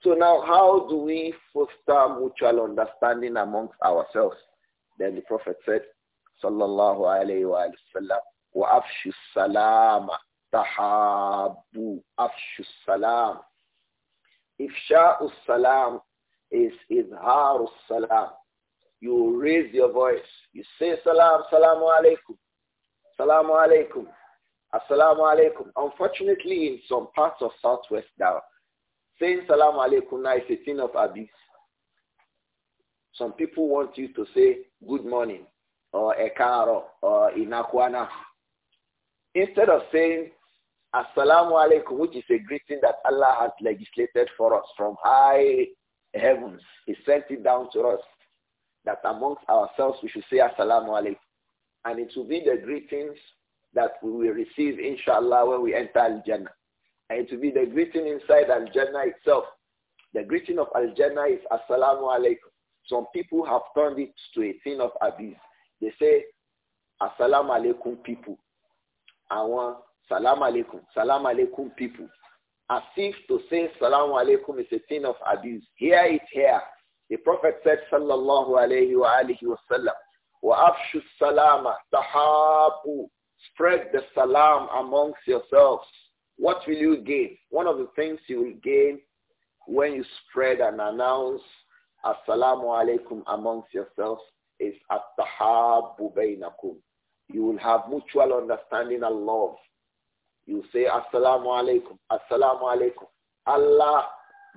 So now how do we foster mutual understanding amongst ourselves? Then the Prophet said, sallallahu alayhi wa sallam, wa afshu salama tahabu afshu salam. Ifsha'u salam is al salam. You raise your voice. You say salam, salamu alaikum. Assalamu alaikum. Assalamu alaikum. Unfortunately, in some parts of Southwest now, saying salam alaikum now is a thing of abuse. Some people want you to say good morning or ekaro or inakwana. Instead of saying assalamu alaikum, which is a greeting that Allah has legislated for us from high heavens. He sent it down to us that amongst ourselves we should say assalamu alaikum. And it will be the greetings that we will receive, inshallah, when we enter Al-Jannah. And it will be the greeting inside Al-Jannah itself. The greeting of Al-Jannah is Assalamu alaikum. Some people have turned it to a thing of abuse. They say, Assalamu alaikum people. I want salam alaikum, salam alaikum people. As if to say Assalamu alaikum is a thing of abuse. Hear it here. The Prophet said, sallallahu alayhi wa alihi wa sallam, وَأَفْشُ السَّلَامَ تَحَابُ Spread the salam amongst yourselves. What will you gain? One of the things you will gain when you spread and announce Assalamu alaikum amongst yourselves is At-tahabu bainakum. You will have mutual understanding and love. You say Assalamu alaikum, Assalamu alaikum. Allah,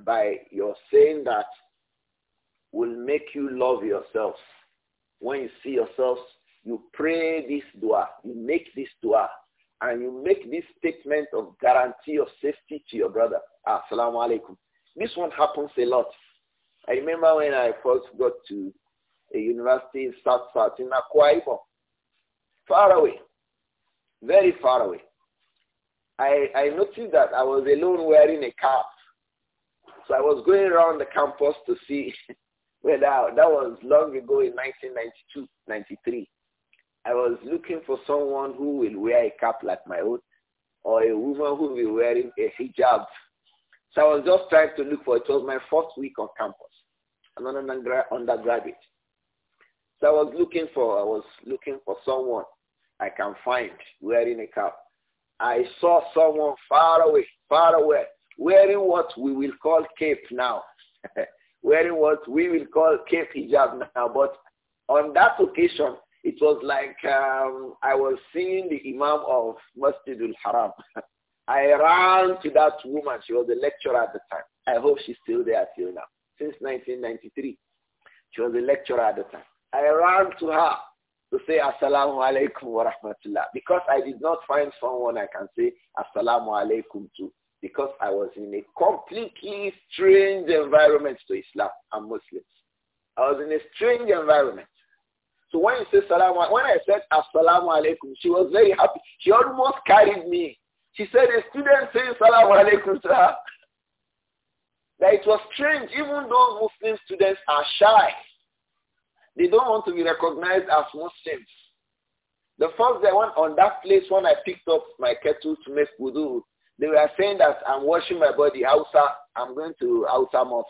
by your saying that, will make you love yourselves when you see yourselves, you pray this dua, you make this dua, and you make this statement of guarantee of safety to your brother. Assalamu alaikum. This one happens a lot. I remember when I first got to a university in South South in far away, very far away. I, I noticed that I was alone wearing a cap. So I was going around the campus to see Well, that, that was long ago in 1992, 93. I was looking for someone who will wear a cap like my own or a woman who will be wearing a hijab. So I was just trying to look for it. It was my first week on campus. I'm an undergraduate. So I was looking for, I was looking for someone I can find wearing a cap. I saw someone far away, far away, wearing what we will call cape now. wearing what we will call cape hijab now. But on that occasion, it was like um, I was seeing the Imam of Masjidul Haram. I ran to that woman. She was a lecturer at the time. I hope she's still there till now, since 1993. She was a lecturer at the time. I ran to her to say Assalamu alaikum wa rahmatullah because I did not find someone I can say Assalamu alaikum to because I was in a completely strange environment to Islam and Muslims. I was in a strange environment. So when you say salam, when I said assalamu alaikum, she was very happy. She almost carried me. She said a student saying salam alaikum to her. That it was strange. Even though Muslim students are shy. They don't want to be recognized as Muslims. The first day I went on that place when I picked up my kettle to make wudu, they were saying that I'm washing my body outside. I'm going to outer mosque.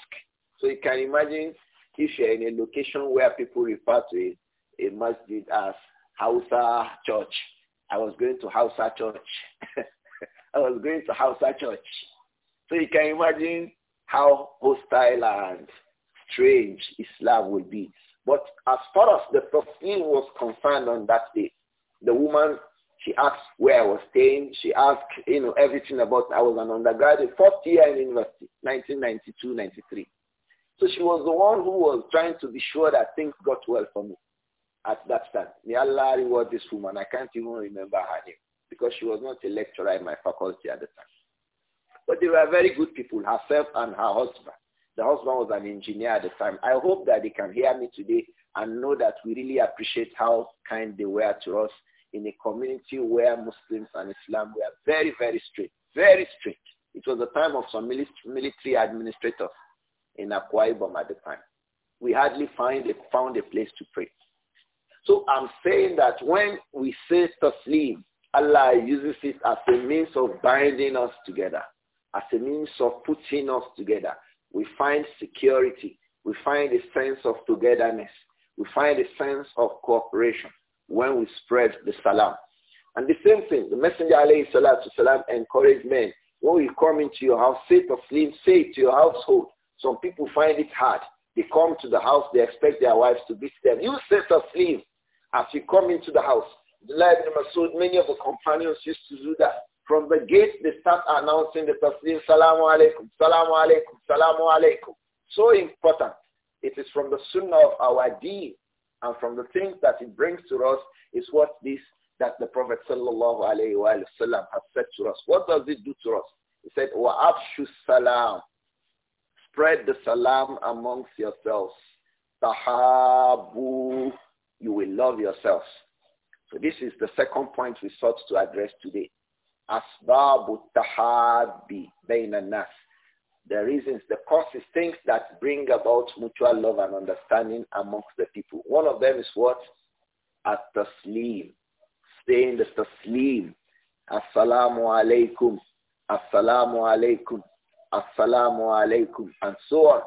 So you can imagine if you're in a location where people refer to it a masjid as Hausa church. I was going to Hausa church. I was going to Hausa church. So you can imagine how hostile and strange Islam will be. But as far as the Prophet was concerned on that day, the woman she asked where I was staying. She asked, you know, everything about, I was an undergraduate, fourth year in university, 1992, 93. So she was the one who was trying to be sure that things got well for me at that time. May Allah reward this woman. I can't even remember her name because she was not a lecturer in my faculty at the time. But they were very good people, herself and her husband. The husband was an engineer at the time. I hope that they can hear me today and know that we really appreciate how kind they were to us in a community where Muslims and Islam were very, very strict, very strict. It was the time of some military administrators in Akwa Ibom at the time. We hardly find a, found a place to pray. So I'm saying that when we say taslim, Allah uses it as a means of binding us together, as a means of putting us together. We find security. We find a sense of togetherness. We find a sense of cooperation when we spread the salam. And the same thing, the Messenger alayhi salatu salam encouraged men, when we come into your house, say to Taslim, say to your household. Some people find it hard. They come to the house, they expect their wives to be them. You say to Taslim as you come into the house. Abdullah ibn Masood, many of the companions used to do that. From the gate, they start announcing the Taslim, Salamu alaikum, Salamu alaikum, Salamu alaikum. So important. It is from the sunnah of our deen and from the things that it brings to us is what this that the Prophet sallallahu alaihi wasallam has said to us. What does it do to us? He said, وَأَفْشُ salam. Spread the salam amongst yourselves. Tahabu. You will love yourselves. So this is the second point we sought to address today. Asbabu tahabi bayna nas the reasons, the causes, things that bring about mutual love and understanding amongst the people. One of them is what? At the taslim Saying the taslim. Assalamu alaikum. Assalamu alaikum. Assalamu alaikum. And so on.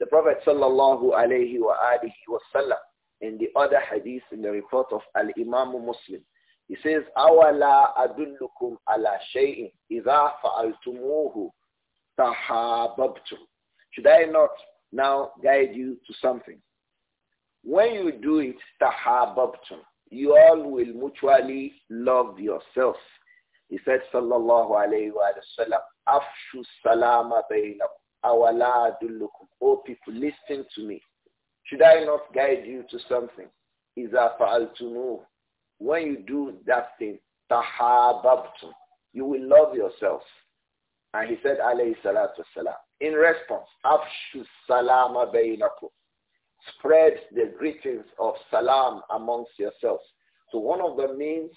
The Prophet sallallahu alayhi wa sallam, in the other hadith in the report of Al-Imam Muslim, he says, أَوَلَا أَدُلُّكُمْ عَلَى شَيْءٍ إِذَا فَعَلْتُمُوهُ should I not now guide you to something? When you do it, tahababtu, you all will mutually love yourself. He said, sallallahu alayhi wa sallam, afshu salama baynakum, awala adullukum. Oh people, listen to me. Should I not guide you to something? Iza fa'altumuh. When you do that thing, tahababtu, you will love yourself. And he said, alayhi salatu salam, in response, afshu salama baynakum. Spread the greetings of salam amongst yourselves. So one of the means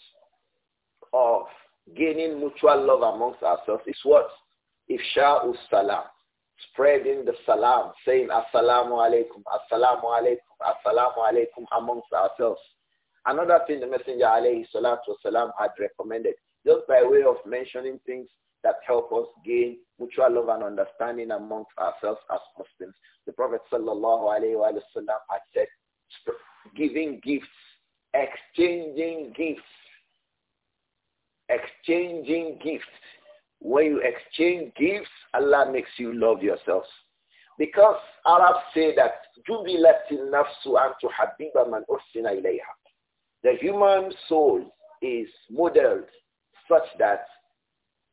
of gaining mutual love amongst ourselves is what? Ifsha'u salam. Spreading the salam, saying assalamu alaikum, assalamu alaikum, assalamu alaikum amongst ourselves. Another thing the Messenger alayhi salatu salam had recommended, just by way of mentioning things that help us gain mutual love and understanding amongst ourselves as Muslims. The Prophet sallallahu alaihi wasallam had said, giving gifts, exchanging gifts, exchanging gifts. When you exchange gifts, Allah makes you love yourselves. Because Arabs say that jubilat nafsu an tuhabiba man ursina ilayha. The human soul is modeled such that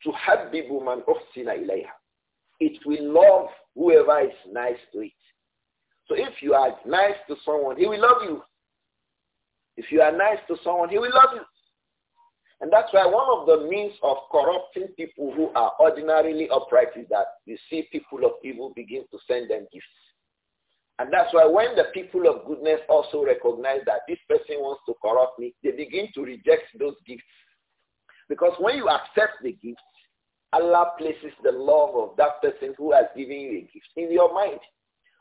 تُحَبِّبُ مَنْ أُحْسِنَ إِلَيْهَا It will love whoever is nice to it. So if you are nice to someone, he will love you. If you are nice to someone, he will love you. And that's why one of the means of corrupting people who are ordinarily upright is that you see people of evil begin to send them gifts. And that's why when the people of goodness also recognize that this person wants to corrupt me, they begin to reject those gifts. Because when you accept the gifts, Allah places the love of that person who has given you a gift in your mind.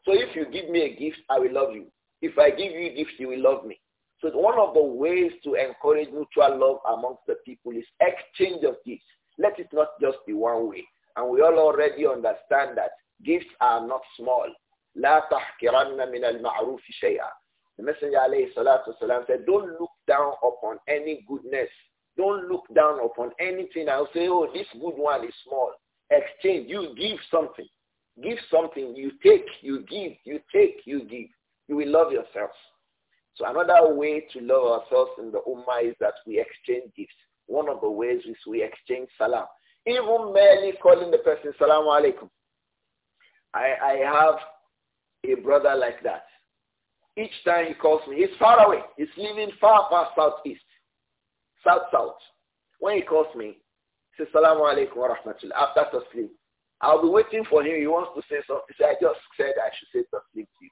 So if you give me a gift, I will love you. If I give you a gift, you will love me. So one of the ways to encourage mutual love amongst the people is exchange of gifts. Let it not just be one way. And we all already understand that gifts are not small. لا تحقرن من المعروف شيئا. The Messenger of Allah said, don't look down upon any goodness don't look down upon anything and say, oh, this good one is small. Exchange. You give something. Give something. You take, you give, you take, you give. You will love yourself. So another way to love ourselves in the Ummah is that we exchange gifts. One of the ways is we exchange salam. Even merely calling the person salam alaikum. I, I have a brother like that. Each time he calls me, he's far away. He's living far past southeast. South South. When he calls me, he says, Salaam alaikum wa rahmatullah. After Taslim. I'll be waiting for him. He wants to say something. said, I just said I should say Taslim to you.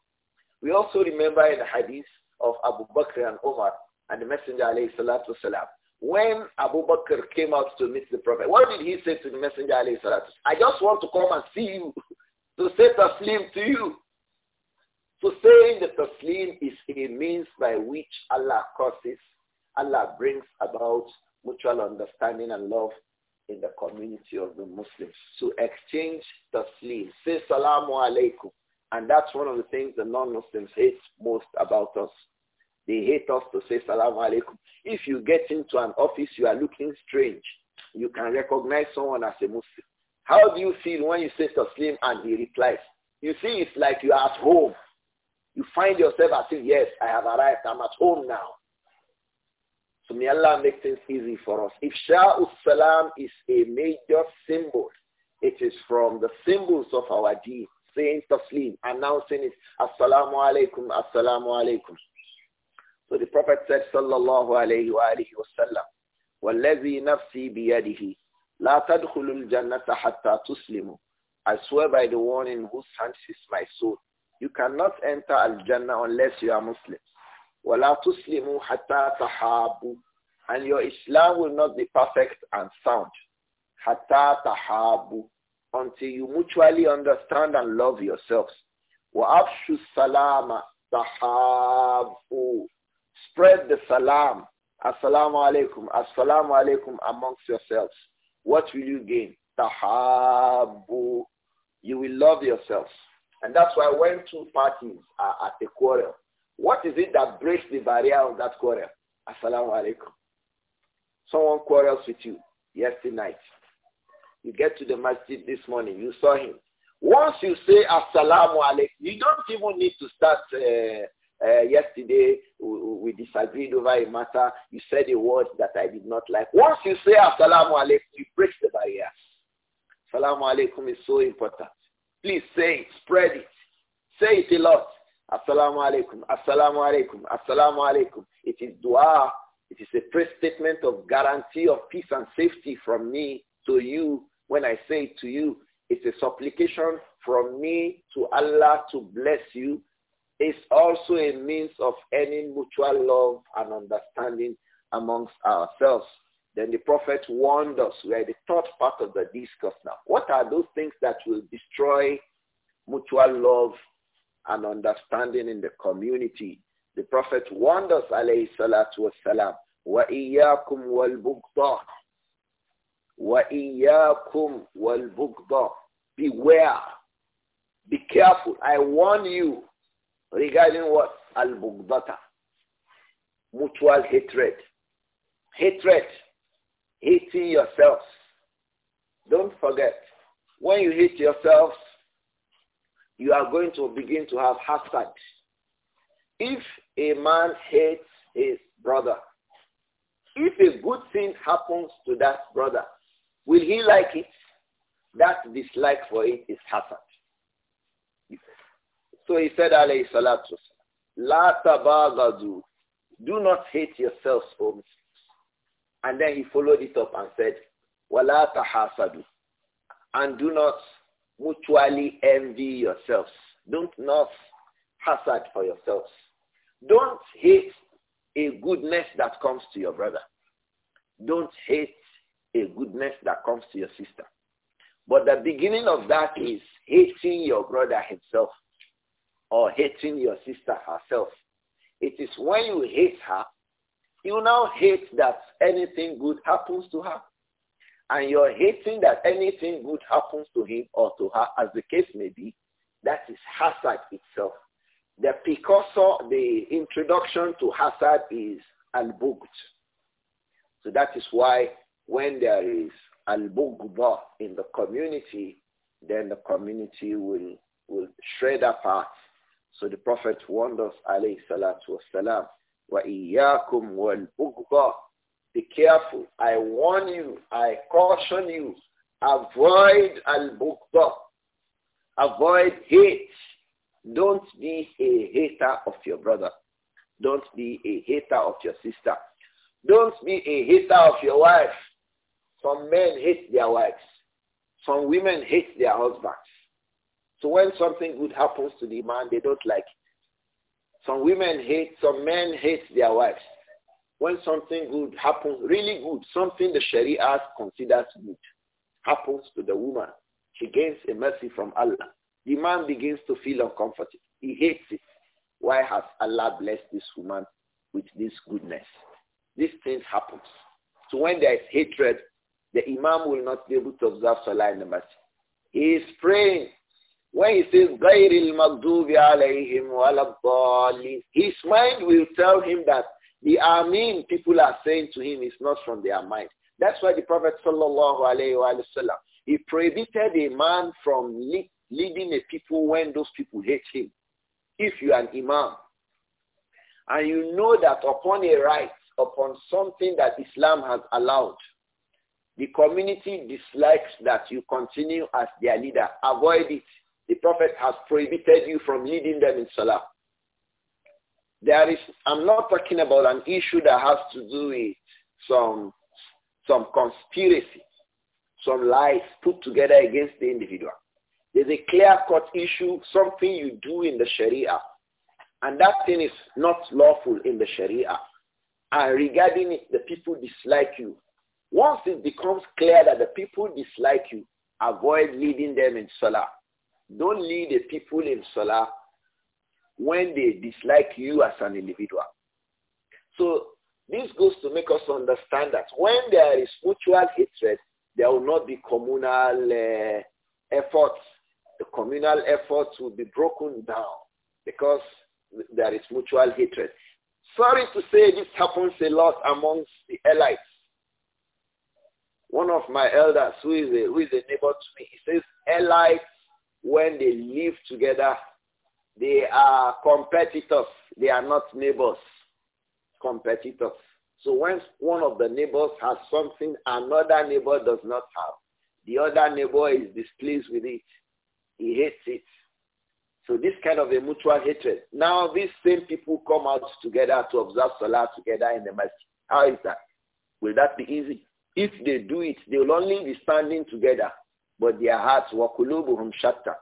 We also remember in the hadith of Abu Bakr and Omar and the Messenger alayhi salatu salam. When Abu Bakr came out to meet the Prophet, what did he say to the Messenger alayhi salatu? I just want to come and see you, to say Taslim to you. So saying the Taslim is a means by which Allah causes Allah brings about mutual understanding and love in the community of the Muslims. To so exchange taslim, say salamu alaikum. And that's one of the things the non-Muslims hate most about us. They hate us to say salamu alaikum. If you get into an office, you are looking strange. You can recognize someone as a Muslim. How do you feel when you say taslim and he replies? You see, it's like you are at home. You find yourself as if, yes, I have arrived. I'm at home now. So may Allah make things easy for us. If Shah salam is a major symbol. It is from the symbols of our deen, saying taslim, announcing it, assalamu alaikum, assalamu alaikum. So the Prophet said, sallallahu alayhi wa alihi wa sallam, وَالَّذِي نَفْسِي بِيَدِهِ لَا تَدْخُلُ الْجَنَّةَ حَتَّى تُسْلِمُ I swear by the one in whose hands is my soul. You cannot enter Al-Jannah unless you are Muslim. وَلَا تُسْلِمُوا حَتَّى تَحَابُوا And your Islam will not be perfect and sound. حَتَّى تَحَابُوا Until you mutually understand and love yourselves. وَأَفْشُوا السَّلَامَ تَحَابُوا Spread the salam. Assalamu alaikum. Assalamu alaykum amongst yourselves. What will you gain? Tahabu. You will love yourselves. And that's why when two parties are at a quarrel, what is it that breaks the barrier of that quarrel? Assalamu alaikum. Someone quarrels with you yesterday night. You get to the masjid this morning. You saw him. Once you say assalamu alaikum, you don't even need to start uh, uh, yesterday we, we, disagreed over a matter. You said a word that I did not like. Once you say assalamu alaikum, you break the barrier. Assalamu alaikum is so important. Please say it, spread it, say it a lot. Assalamu alaikum, assalamu alaikum, assalamu alaikum. It is dua. It is a prayer statement of guarantee of peace and safety from me to you when I say it to you. It's a supplication from me to Allah to bless you. It's also a means of earning mutual love and understanding amongst ourselves. Then the prophet warned us. We are the third part of the discourse now. What are those things that will destroy mutual love and understanding in the community. The Prophet warned us, alayhi salatu wasalam, وَإِيَّاكُمْ وَالْبُغْضَةِ وَإِيَّاكُمْ وَالْبُغْضَةِ Beware. Be careful. I warn you regarding what? Al-Bughdata. Mutual hatred. Hatred. Hating yourselves. Don't forget. When you hate yourselves, you are going to begin to have hasad. If a man hates his brother, if a good thing happens to that brother, will he like it? That dislike for it is hasad. So he said, alayhi salatu La tabagadu. Do not hate yourselves, O Muslims. And then he followed it up and said, Wala tahasadu. And do not mutually envy yourselves. Don't not hazard for yourselves. Don't hate a goodness that comes to your brother. Don't hate a goodness that comes to your sister. But the beginning of that is hating your brother himself or hating your sister herself. It is when you hate her, you now hate that anything good happens to her and you're hating that anything good happens to him or to her, as the case may be, that is hazard itself. The Picasso, the introduction to hazard is albugt. So that is why when there albugba in the community, then the community will, will shred apart. So the Prophet warned us, alayhi salatu wasalam, wa وَالْبُغْضَ be careful. I warn you. I caution you. Avoid al-bughda. Avoid hate. Don't be a hater of your brother. Don't be a hater of your sister. Don't be a hater of your wife. Some men hate their wives. Some women hate their husbands. So when something good happens to the man, they don't like it. Some women hate, some men hate their wives when something good happens, really good, something the Sharia considers good, happens to the woman, she gains a mercy from Allah. The man begins to feel uncomfortable. He hates it. Why has Allah blessed this woman with this goodness? These things happen. So when there is hatred, the imam will not be able to observe Salah in the He is praying. When he says, غَيْرِ الْمَغْضُوبِ عَلَيْهِمْ وَلَا الضَّالِّينَ His mind will tell him that the Amin people are saying to him is not from their mind. That's why the Prophet sallallahu alayhi wa sallam, he prohibited a man from leading a people when those people hate him. If you are an imam and you know that upon a right, upon something that Islam has allowed, the community dislikes that you continue as their leader. Avoid it. The Prophet has prohibited you from leading them in Salah. There is, I'm not talking about an issue that has to do with some, some conspiracy, some lies put together against the individual. There's a clear-cut issue, something you do in the Sharia, and that thing is not lawful in the Sharia. And regarding it, the people dislike you. Once it becomes clear that the people dislike you, avoid leading them in Salah. Don't lead the people in Salah when they dislike you as an individual. So this goes to make us understand that when there is mutual hatred, there will not be communal uh, efforts. The communal efforts will be broken down because there is mutual hatred. Sorry to say this happens a lot amongst the elites. One of my elders who is a, who is a neighbor to me, he says elites, when they live together, they are competitors. They are not neighbors. Competitors. So when one of the neighbors has something another neighbor does not have, the other neighbor is displeased with it. He hates it. So this kind of a mutual hatred. Now these same people come out together to observe Salah together in the masjid. How is that? Will that be easy? If they do it, they will only be standing together, but their hearts, وَقُلُوبُهُمْ شَتَّى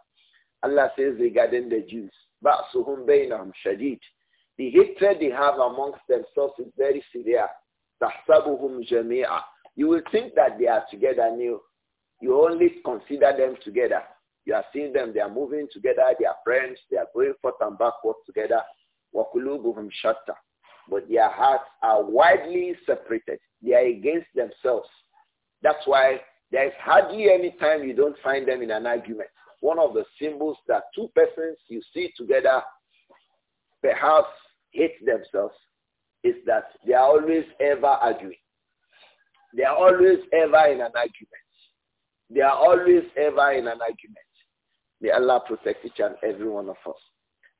Allah says regarding the Jews, بَأْسُهُمْ بَيْنَهُمْ شَدِيد The hatred they have amongst themselves is very severe. تَحْسَبُهُمْ جَمِيعًا You will think that they are together You only consider them together. You are seeing them, they are moving together, they are friends, they are going forth and backward together. But their hearts are widely separated. They are against themselves. That's why there is hardly any time you don't find them in an argument one of the symbols that two persons you see together perhaps hate themselves is that they are always ever arguing. They are always ever in an argument. They are always ever in an argument. May Allah protect each and every one of us.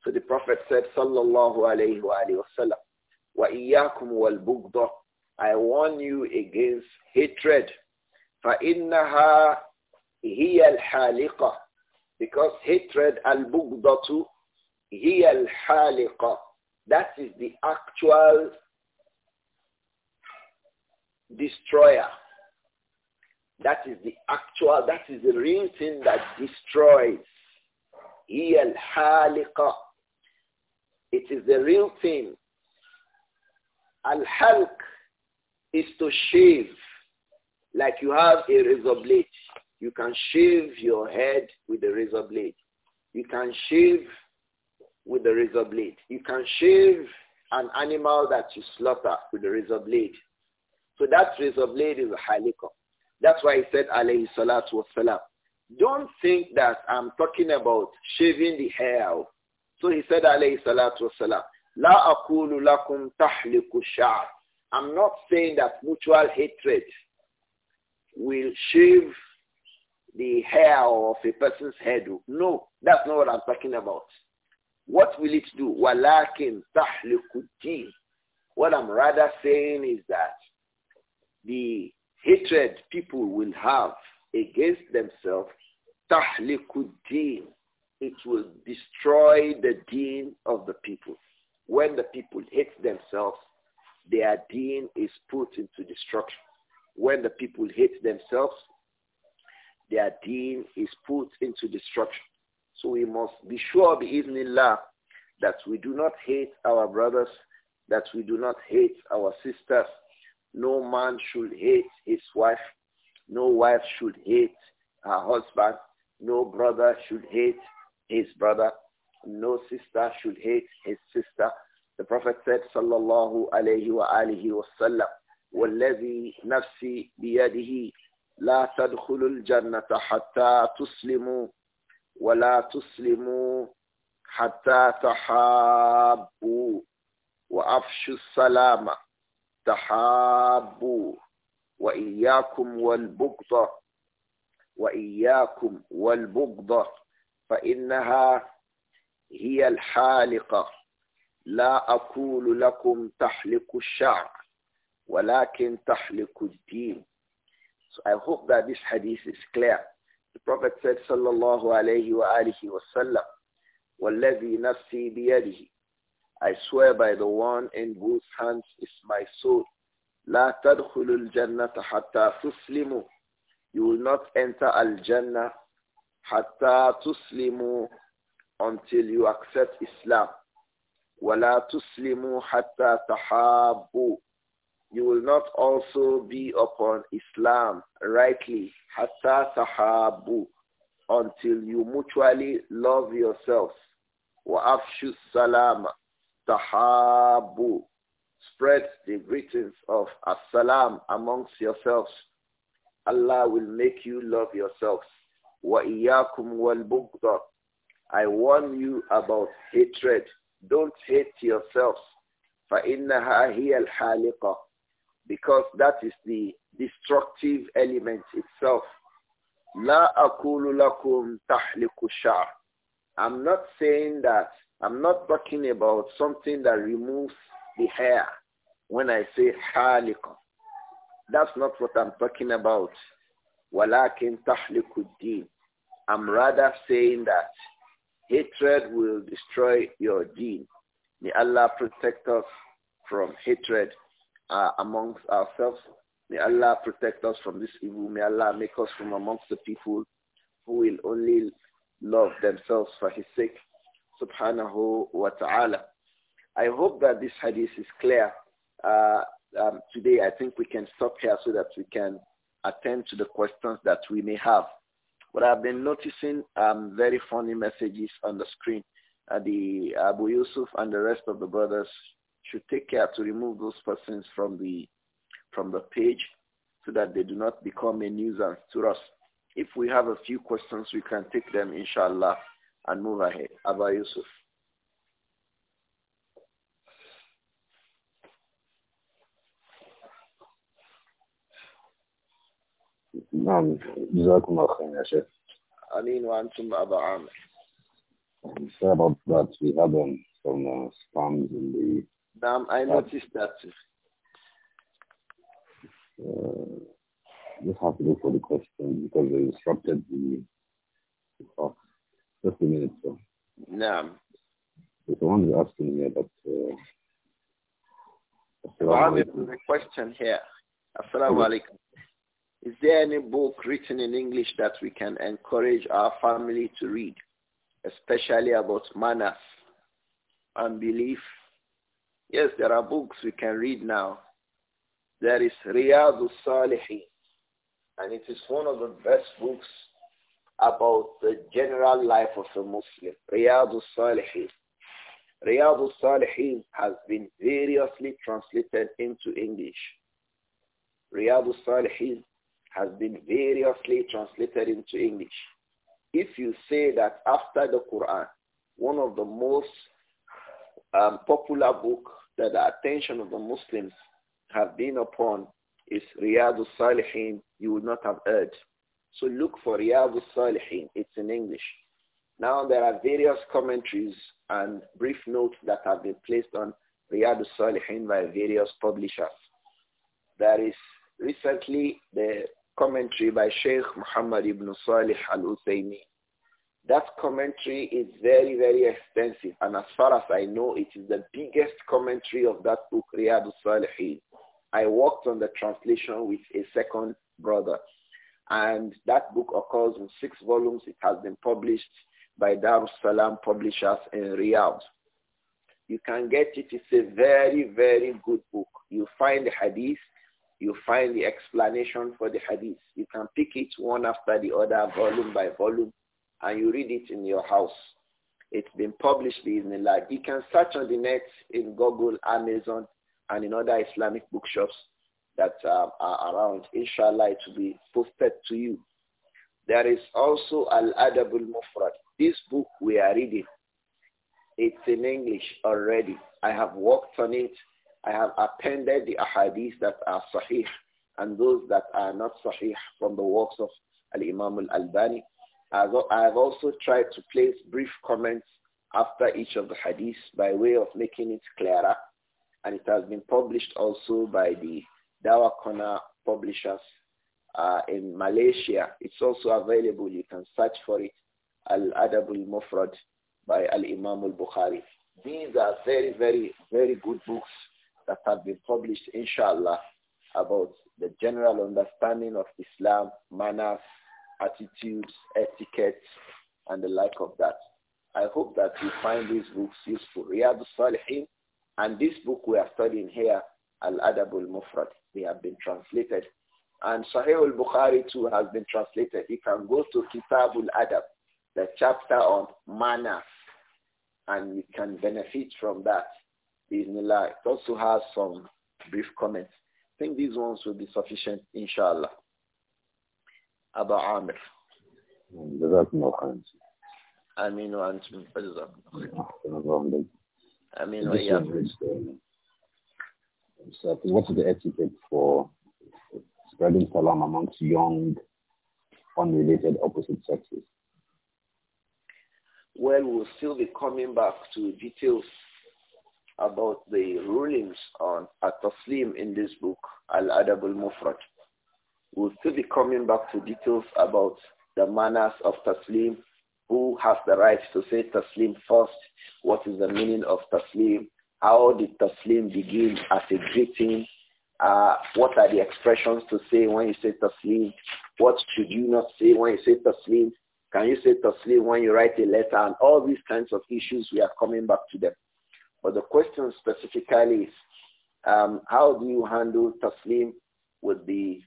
So the Prophet said, Sallallahu alayhi wa alayhi wa sallam, wa iyyakum wal I warn you against hatred. فَإِنَّهَا هِيَ الْحَالِقَةِ because hatred al-bughdatu hiya al-haliqa. That is the actual destroyer. That is the actual, that is the real thing that destroys. Hiya al-haliqa. It is the real thing. Al-halq is to shave like you have a razor blade. You can shave your head with a razor blade. You can shave with a razor blade. You can shave an animal that you slaughter with a razor blade. So that razor blade is a halikum. That's why he said, alayhi salatu wasalam. Don't think that I'm talking about shaving the hair. So he said, alayhi salatu wasalam, la akulu lakum tahliku sha'r. I'm not saying that mutual hatred will shave the hair of a person's head. No, that's not what I'm talking about. What will it do? What I'm rather saying is that the hatred people will have against themselves, تَحْلِقُ It will destroy the deen of the people. When the people hate themselves, their deen is put into destruction. When the people hate themselves, their deen is put into destruction. So we must be sure, bi'idhnillah, that we do not hate our brothers, that we do not hate our sisters. No man should hate his wife. No wife should hate her husband. No brother should hate his brother. No sister should hate his sister. The Prophet said, sallallahu alayhi wa alihi wa sallam, وَالَّذِي نَفْسِي بِيَدِهِ لا تدخلوا الجنة حتى تسلموا ولا تسلموا حتى تحابوا وأفشوا السلام تحابوا وإياكم والبغض وإياكم والبغض فإنها هي الحالقة لا أقول لكم تحلق الشعر ولكن تحلق الدين I hope that this hadith is clear. The Prophet said, Sallallahu alayhi wa alihi wa sallam, وَالَّذِي نَفْسِي بِيَدِهِ I swear by the one in whose hands is my soul. لَا تَدْخُلُ الْجَنَّةَ حَتَّى تُسْلِمُوا You will not enter al-Jannah حَتَّى تُسْلِمُوا until you accept Islam. وَلَا تُسْلِمُوا حَتَّى تَحَابُوا you will not also be upon Islam rightly, hatta tahabu, until you mutually love yourselves. Wa afshu salam, tahabu. Spread the greetings of assalam amongst yourselves. Allah will make you love yourselves. Wa iyakum wal I warn you about hatred. Don't hate yourselves. فإنها هي الحالقة because that is the destructive element itself. La akulu lakum I'm not saying that, I'm not talking about something that removes the hair when I say halikum. That's not what I'm talking about. Walakin tahliku deen. I'm rather saying that hatred will destroy your deen. May Allah protect us from hatred uh, amongst ourselves. May Allah protect us from this evil. May Allah make us from amongst the people who will only love themselves for his sake. Subhanahu wa ta'ala. I hope that this hadith is clear. Uh, um, today I think we can stop here so that we can attend to the questions that we may have. But I've been noticing um, very funny messages on the screen. Uh, the Abu Yusuf and the rest of the brothers should take care to remove those persons from the from the page so that they do not become a nuisance to us. If we have a few questions, we can take them, inshallah, and move ahead. Abba Yusuf. نعم جزاكم الله خير يا شيخ أمين وأنتم أبا عامر I'm sad about that we had um, some uh, spams in um, I uh, noticed that. Uh, just have to look for the question because they interrupted the, the oh, talk. Just a minute, sir. No. The one asking here about... Uh, I have question here. Assalamu alaikum. Is there any book written in English that we can encourage our family to read, especially about manners and belief Yes, there are books we can read now. There is Riyadh al-Salihin, and it is one of the best books about the general life of a Muslim, Riyadh al-Salihin. Riyadh salihin has been variously translated into English. Riyadh al-Salihin has been variously translated into English. If you say that after the Quran, one of the most um, popular book that the attention of the Muslims have been upon is Riyadu salihin you would not have heard. So look for Riyadu salihin It's in English. Now there are various commentaries and brief notes that have been placed on Riyadu salihin by various publishers. There is recently the commentary by Sheikh Muhammad ibn Salih al-Uthaymeen that commentary is very, very extensive. And as far as I know, it is the biggest commentary of that book, Riyadus Salihin. I worked on the translation with a second brother. And that book occurs in six volumes. It has been published by Darussalam Publishers in Riyadh. You can get it. It's a very, very good book. You find the hadith. You find the explanation for the hadith. You can pick it one after the other, volume by volume, and you read it in your house. It's been published in the like you can search on the net in Google, Amazon, and in other Islamic bookshops that um, are around. Inshallah, it will be posted to you. There is also Al-Adabul Mufrad. This book we are reading, it's in English already. I have worked on it. I have appended the ahadith that are sahih and those that are not sahih from the works of Al-Imam Al-Albani I've also tried to place brief comments after each of the hadiths by way of making it clearer, and it has been published also by the Dawa Corner publishers uh, in Malaysia. It's also available. You can search for it, Al-Adabul Mufrad by Al-Imam al-Bukhari. These are very, very, very good books that have been published, inshallah, about the general understanding of Islam, manners, attitudes, etiquette, and the like of that. I hope that you find these books useful. Riyadh Salihin and this book we are studying here, Al-Adab al-Mufrad, they have been translated. And Sahih al-Bukhari too has been translated. You can go to Kitab al-Adab, the chapter on manners, and you can benefit from that. Bismillah. It also has some brief comments. I think these ones will be sufficient, inshallah. Abu Amir. جزاكم الله آمين الله آمين So, what's the etiquette for spreading salam amongst young, unrelated opposite sexes? Well, we'll still be coming back to details about the rulings on at-taslim in this book, Al-Adab al-Mufrad. We'll still be coming back to details about the manners of taslim, who has the right to say taslim first, what is the meaning of taslim, how did taslim begin as a greeting, uh, what are the expressions to say when you say taslim, what should you not say when you say taslim, can you say taslim when you write a letter, and all these kinds of issues, we are coming back to them. But the question specifically is, um, how do you handle taslim with the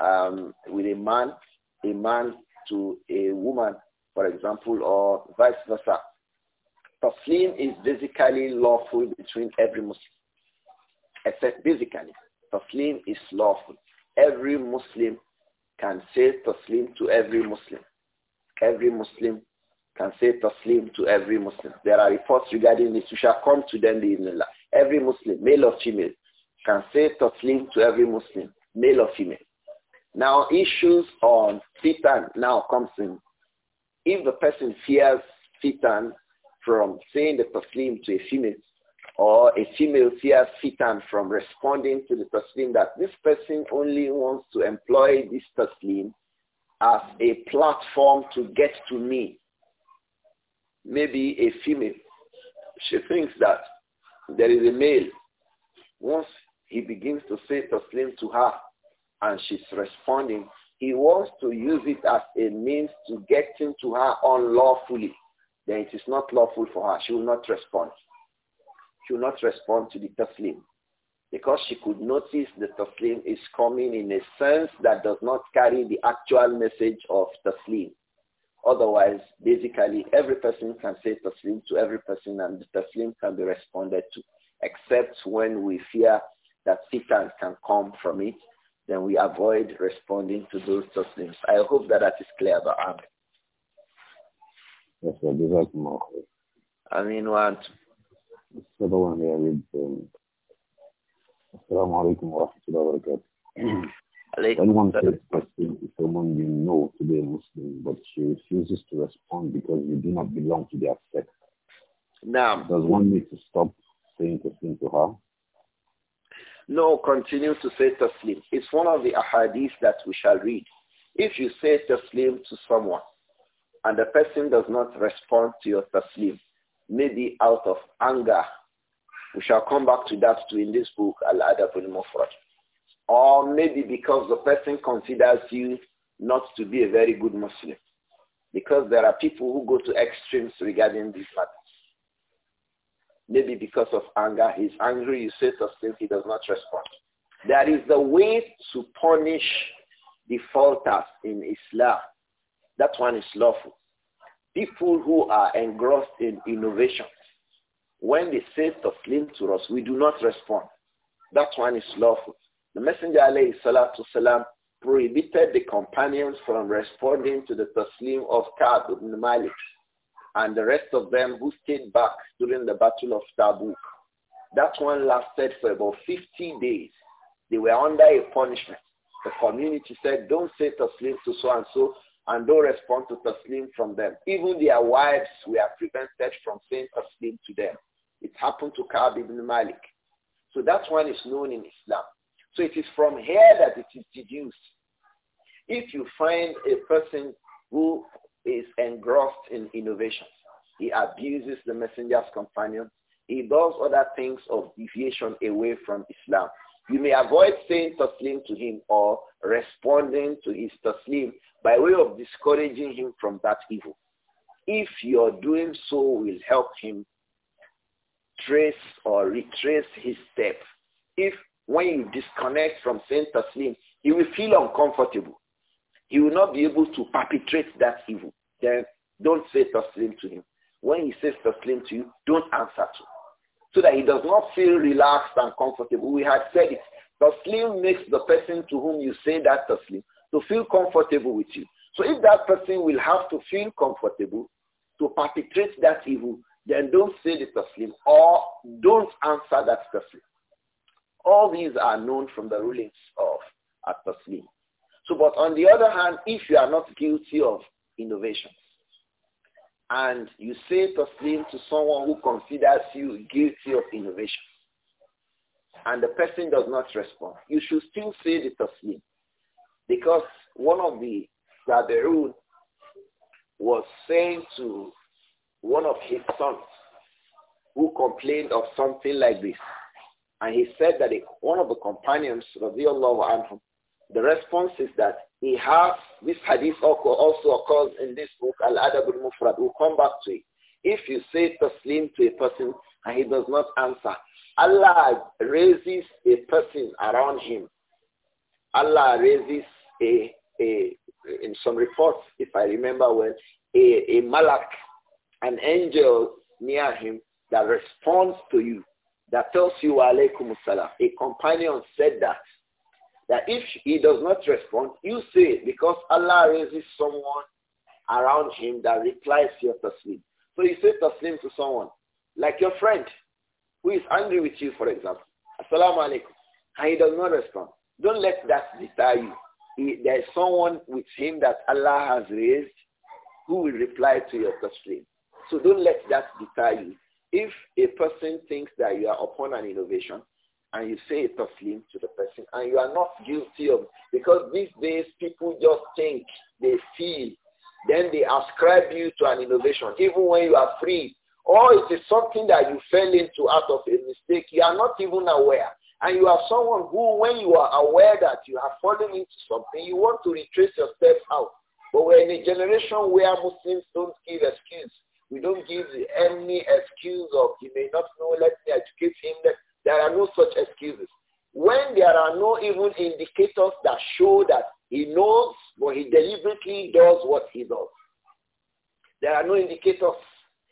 um, with a man, a man to a woman, for example, or vice versa. Taslim is basically lawful between every Muslim, except basically. Taslim is lawful. Every Muslim can say Taslim to every Muslim. Every Muslim can say Taslim to every Muslim. There are reports regarding this. We shall come to them in the last. Every Muslim, male or female, can say Taslim to every Muslim, male or female. Now issues on fitan now comes in. If the person fears fitan from saying the taslim to a female, or a female fears fitan from responding to the taslim that this person only wants to employ this taslim as a platform to get to me. Maybe a female. She thinks that there is a male. Once he begins to say taslim to her, and she's responding, he wants to use it as a means to get into her unlawfully, then it is not lawful for her. She will not respond. She will not respond to the taslim because she could notice the taslim is coming in a sense that does not carry the actual message of taslim. Otherwise, basically, every person can say taslim to every person and the taslim can be responded to, except when we fear that fitan can come from it then we avoid responding to those Muslims. I hope that that is clear about Amr. Um, yes, sir. Jazakumullah. I mean, what? Um, Assalamu alaikum wa rahmatullahi Anyone says question to someone you know to be a Muslim, but she refuses to respond because you do not belong to their sect. Now, does one need to stop saying the thing to her? No, continue to say taslim. It's one of the ahadith that we shall read. If you say taslim to someone and the person does not respond to your taslim, maybe out of anger, we shall come back to that too in this book, Al-Adab al-Mufrad. Or maybe because the person considers you not to be a very good Muslim. Because there are people who go to extremes regarding this matter. Maybe because of anger, he's angry, you say something, he does not respond. That is the way to punish defaulters in Islam. That one is lawful. People who are engrossed in innovation, when they say to us, we do not respond. That one is lawful. The Messenger alayhi prohibited the companions from responding to the taslim of Ka'b ibn Malik and the rest of them who stayed back during the Battle of Tabuk. That one lasted for about 50 days. They were under a punishment. The community said, don't say Taslim to so-and-so and don't respond to Taslim from them. Even their wives were prevented from saying Taslim to them. It happened to Ka'b ibn Malik. So that one is known in Islam. So it is from here that it is deduced. If you find a person who is engrossed in innovation. He abuses the messenger's companion. He does other things of deviation away from Islam. You may avoid saying taslim to him or responding to his taslim by way of discouraging him from that evil. If your doing so will help him trace or retrace his step, if when you disconnect from saying taslim, he will feel uncomfortable. He will not be able to perpetrate that evil. Then don't say taslim to him. When he says taslim to you, don't answer to. So that he does not feel relaxed and comfortable. We had said it. Taslim makes the person to whom you say that taslim to feel comfortable with you. So if that person will have to feel comfortable to perpetrate that evil, then don't say the taslim or don't answer that taslim. All these are known from the rulings of a taslim so, but on the other hand, if you are not guilty of innovations and you say taslim to someone who considers you guilty of innovations and the person does not respond, you should still say the taslim because one of the Zaberun was saying to one of his sons who complained of something like this. And he said that one of the companions, radiallahu anhu, the response is that he has, this hadith also occurs in this book, al Adabul mufrad We'll come back to it. If you say taslim to a person and he does not answer, Allah raises a person around him. Allah raises a, a in some reports, if I remember well, a, a malak, an angel near him that responds to you, that tells you, alaykum salam. A companion said that. That if he does not respond, you say because Allah raises someone around him that replies your taslim. So you say taslim to someone, like your friend who is angry with you, for example. Assalamu alaikum. And he does not respond. Don't let that deter you. He, there is someone with him that Allah has raised who will reply to your taslim. So don't let that deter you. If a person thinks that you are upon an innovation, and you say it taslim to the person and you are not guilty of because these days people just think, they feel, then they ascribe you to an innovation even when you are free or it is something that you fell into out of a mistake. You are not even aware. And you are someone who, when you are aware that you have fallen into something, you want to retrace your steps out. But we're in a generation where Muslims don't give excuse. We don't give any excuse of, he may not know, let me educate him, that. There are no such excuses. When there are no even indicators that show that he knows, but he deliberately does what he does. There are no indicators.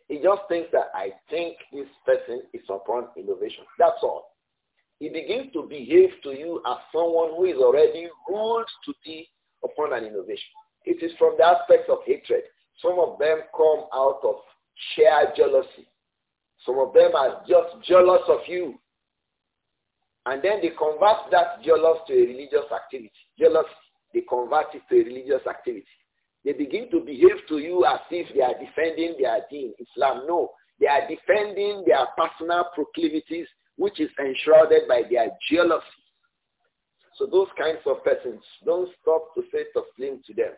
He just thinks that I think this person is upon innovation. That's all. He begins to behave to you as someone who is already ruled to be upon an innovation. It is from the aspects of hatred. Some of them come out of sheer jealousy. Some of them are just jealous of you. And then they convert that jealous to a religious activity. Jealous, they convert it to a religious activity. They begin to behave to you as if they are defending their deen, Islam. No, they are defending their personal proclivities, which is enshrouded by their jealousy. So those kinds of persons, don't stop to say taslim to them.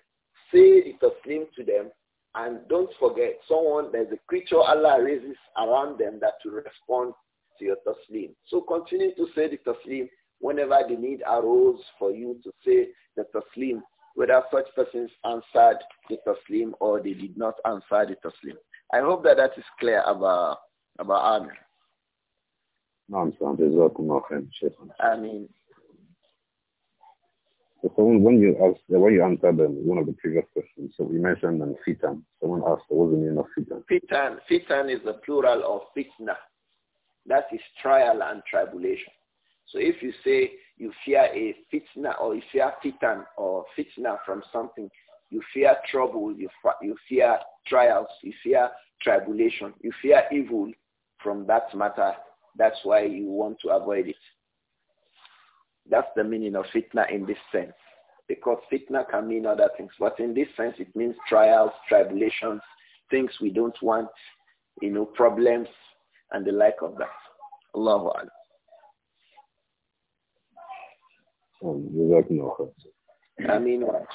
Say the taslim to them and don't forget someone, there's a creature Allah raises around them that will respond to your taslim. So continue to say the taslim whenever the need arose for you to say the taslim, whether such persons answered the taslim or they did not answer the taslim. I hope that that is clear about, about Amir. i سلام جزاكم الله when you asked, when you answered them, one of the previous questions, so we mentioned and fitan. Someone asked, what was the name of fitan? Fitan, fitan is the plural of fitna. That is trial and tribulation. So if you say you fear a fitna or you fear fitan or fitna from something, you fear trouble, you, you fear trials, you fear tribulation, you fear evil from that matter, that's why you want to avoid it. That's the meaning of fitna in this sense. Because fitna can mean other things. But in this sense, it means trials, tribulations, things we don't want, you know, problems, and the like of that. Allahu Akbar. I mean what?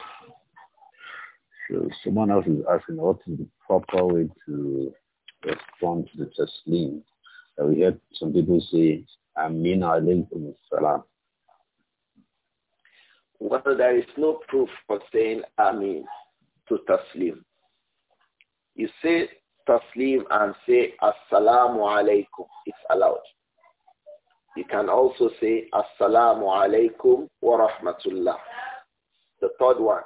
So someone else is asking what is the proper way to respond to the taslim. Uh, we heard some people say, Amin alaykum salam. Well, there is no proof for saying Amin to taslim. You say taslim and say assalamu alaikum. It's allowed. You can also say assalamu alaikum wa rahmatullah. The third one,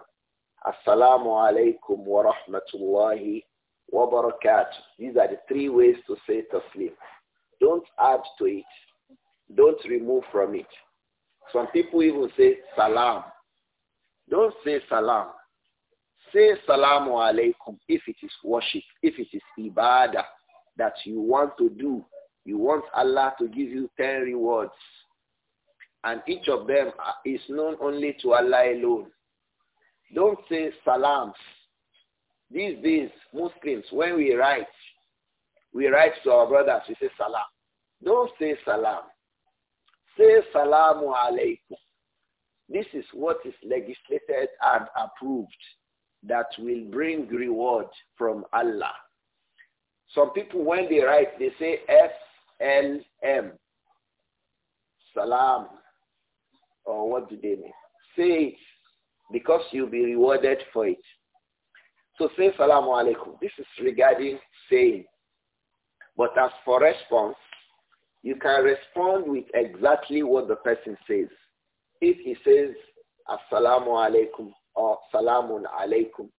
assalamu alaikum wa rahmatullahi wa barakatuh. These are the three ways to say taslim. Don't add to it. Don't remove from it. Some people even say salam. Don't say salam. Say salamu alaykum if it is worship, if it is ibadah that you want to do. You want Allah to give you 10 rewards. And each of them is known only to Allah alone. Don't say salams. These days, Muslims, when we write, we write to our brothers, we say salam. Don't say salam. Say salamu alaykum. This is what is legislated and approved that will bring reward from Allah. Some people, when they write, they say S-L-M, salam, or what do they mean? Say it, because you'll be rewarded for it. So say salamu alaikum. This is regarding saying. But as for response, you can respond with exactly what the person says. If he says, assalamu alaikum, or salamun alaykum.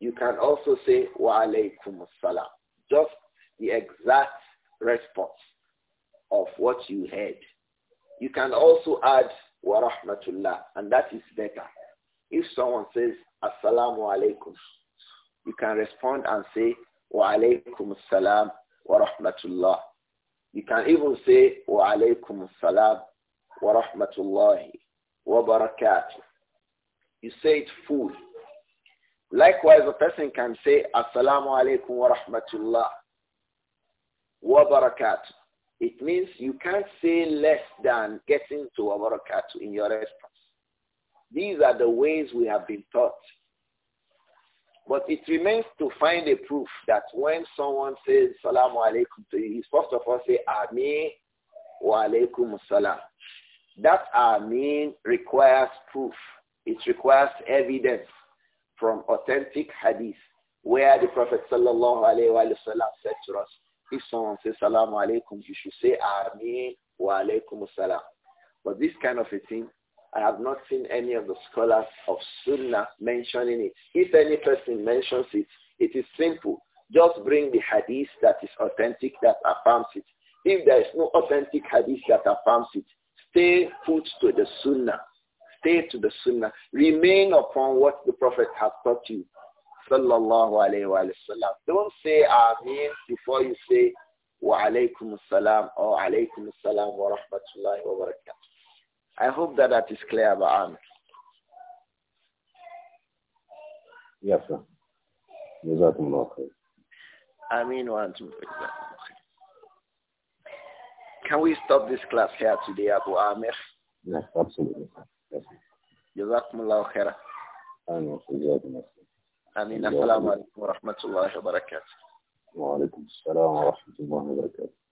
You can also say wa alaykum salam. Just the exact response of what you heard. You can also add wa rahmatullah and that is better. If someone says assalamu alaykum, you can respond and say wa alaykum salam wa rahmatullah. You can even say wa alaykum salam wa rahmatullahi wa barakatuh. You say it full. Likewise, a person can say, Assalamu alaikum wa rahmatullah wa barakatuh. It means you can't say less than getting to wa barakatuh in your response. These are the ways we have been taught. But it remains to find a proof that when someone says salamu alaikum to you, he's first of all say ameen wa alaikum salam. That ameen requires proof. It requires evidence from authentic hadith where the Prophet sallallahu said to us, if someone says salamu alaykum, you should say ameen wa alaykum salam. But this kind of a thing, I have not seen any of the scholars of Sunnah mentioning it. If any person mentions it, it is simple. Just bring the hadith that is authentic that affirms it. If there is no authentic hadith that affirms it, stay put to the Sunnah. Stay to the sunnah. Remain upon what the Prophet has taught you. Sallallahu alayhi wa sallam. Don't say Ameen before you say Wa alaykum salam or alaykum salam wa rahmatullahi wa barakatuh. I hope that that is clear about Ameen. Yes, sir. جزاكم الله خير. آمين Can we stop this class here today, Abu Amir? Yes, absolutely. Jazakumullahu khairan. آمين السلام عليكم ورحمة الله وبركاته وعليكم السلام ورحمة الله وبركاته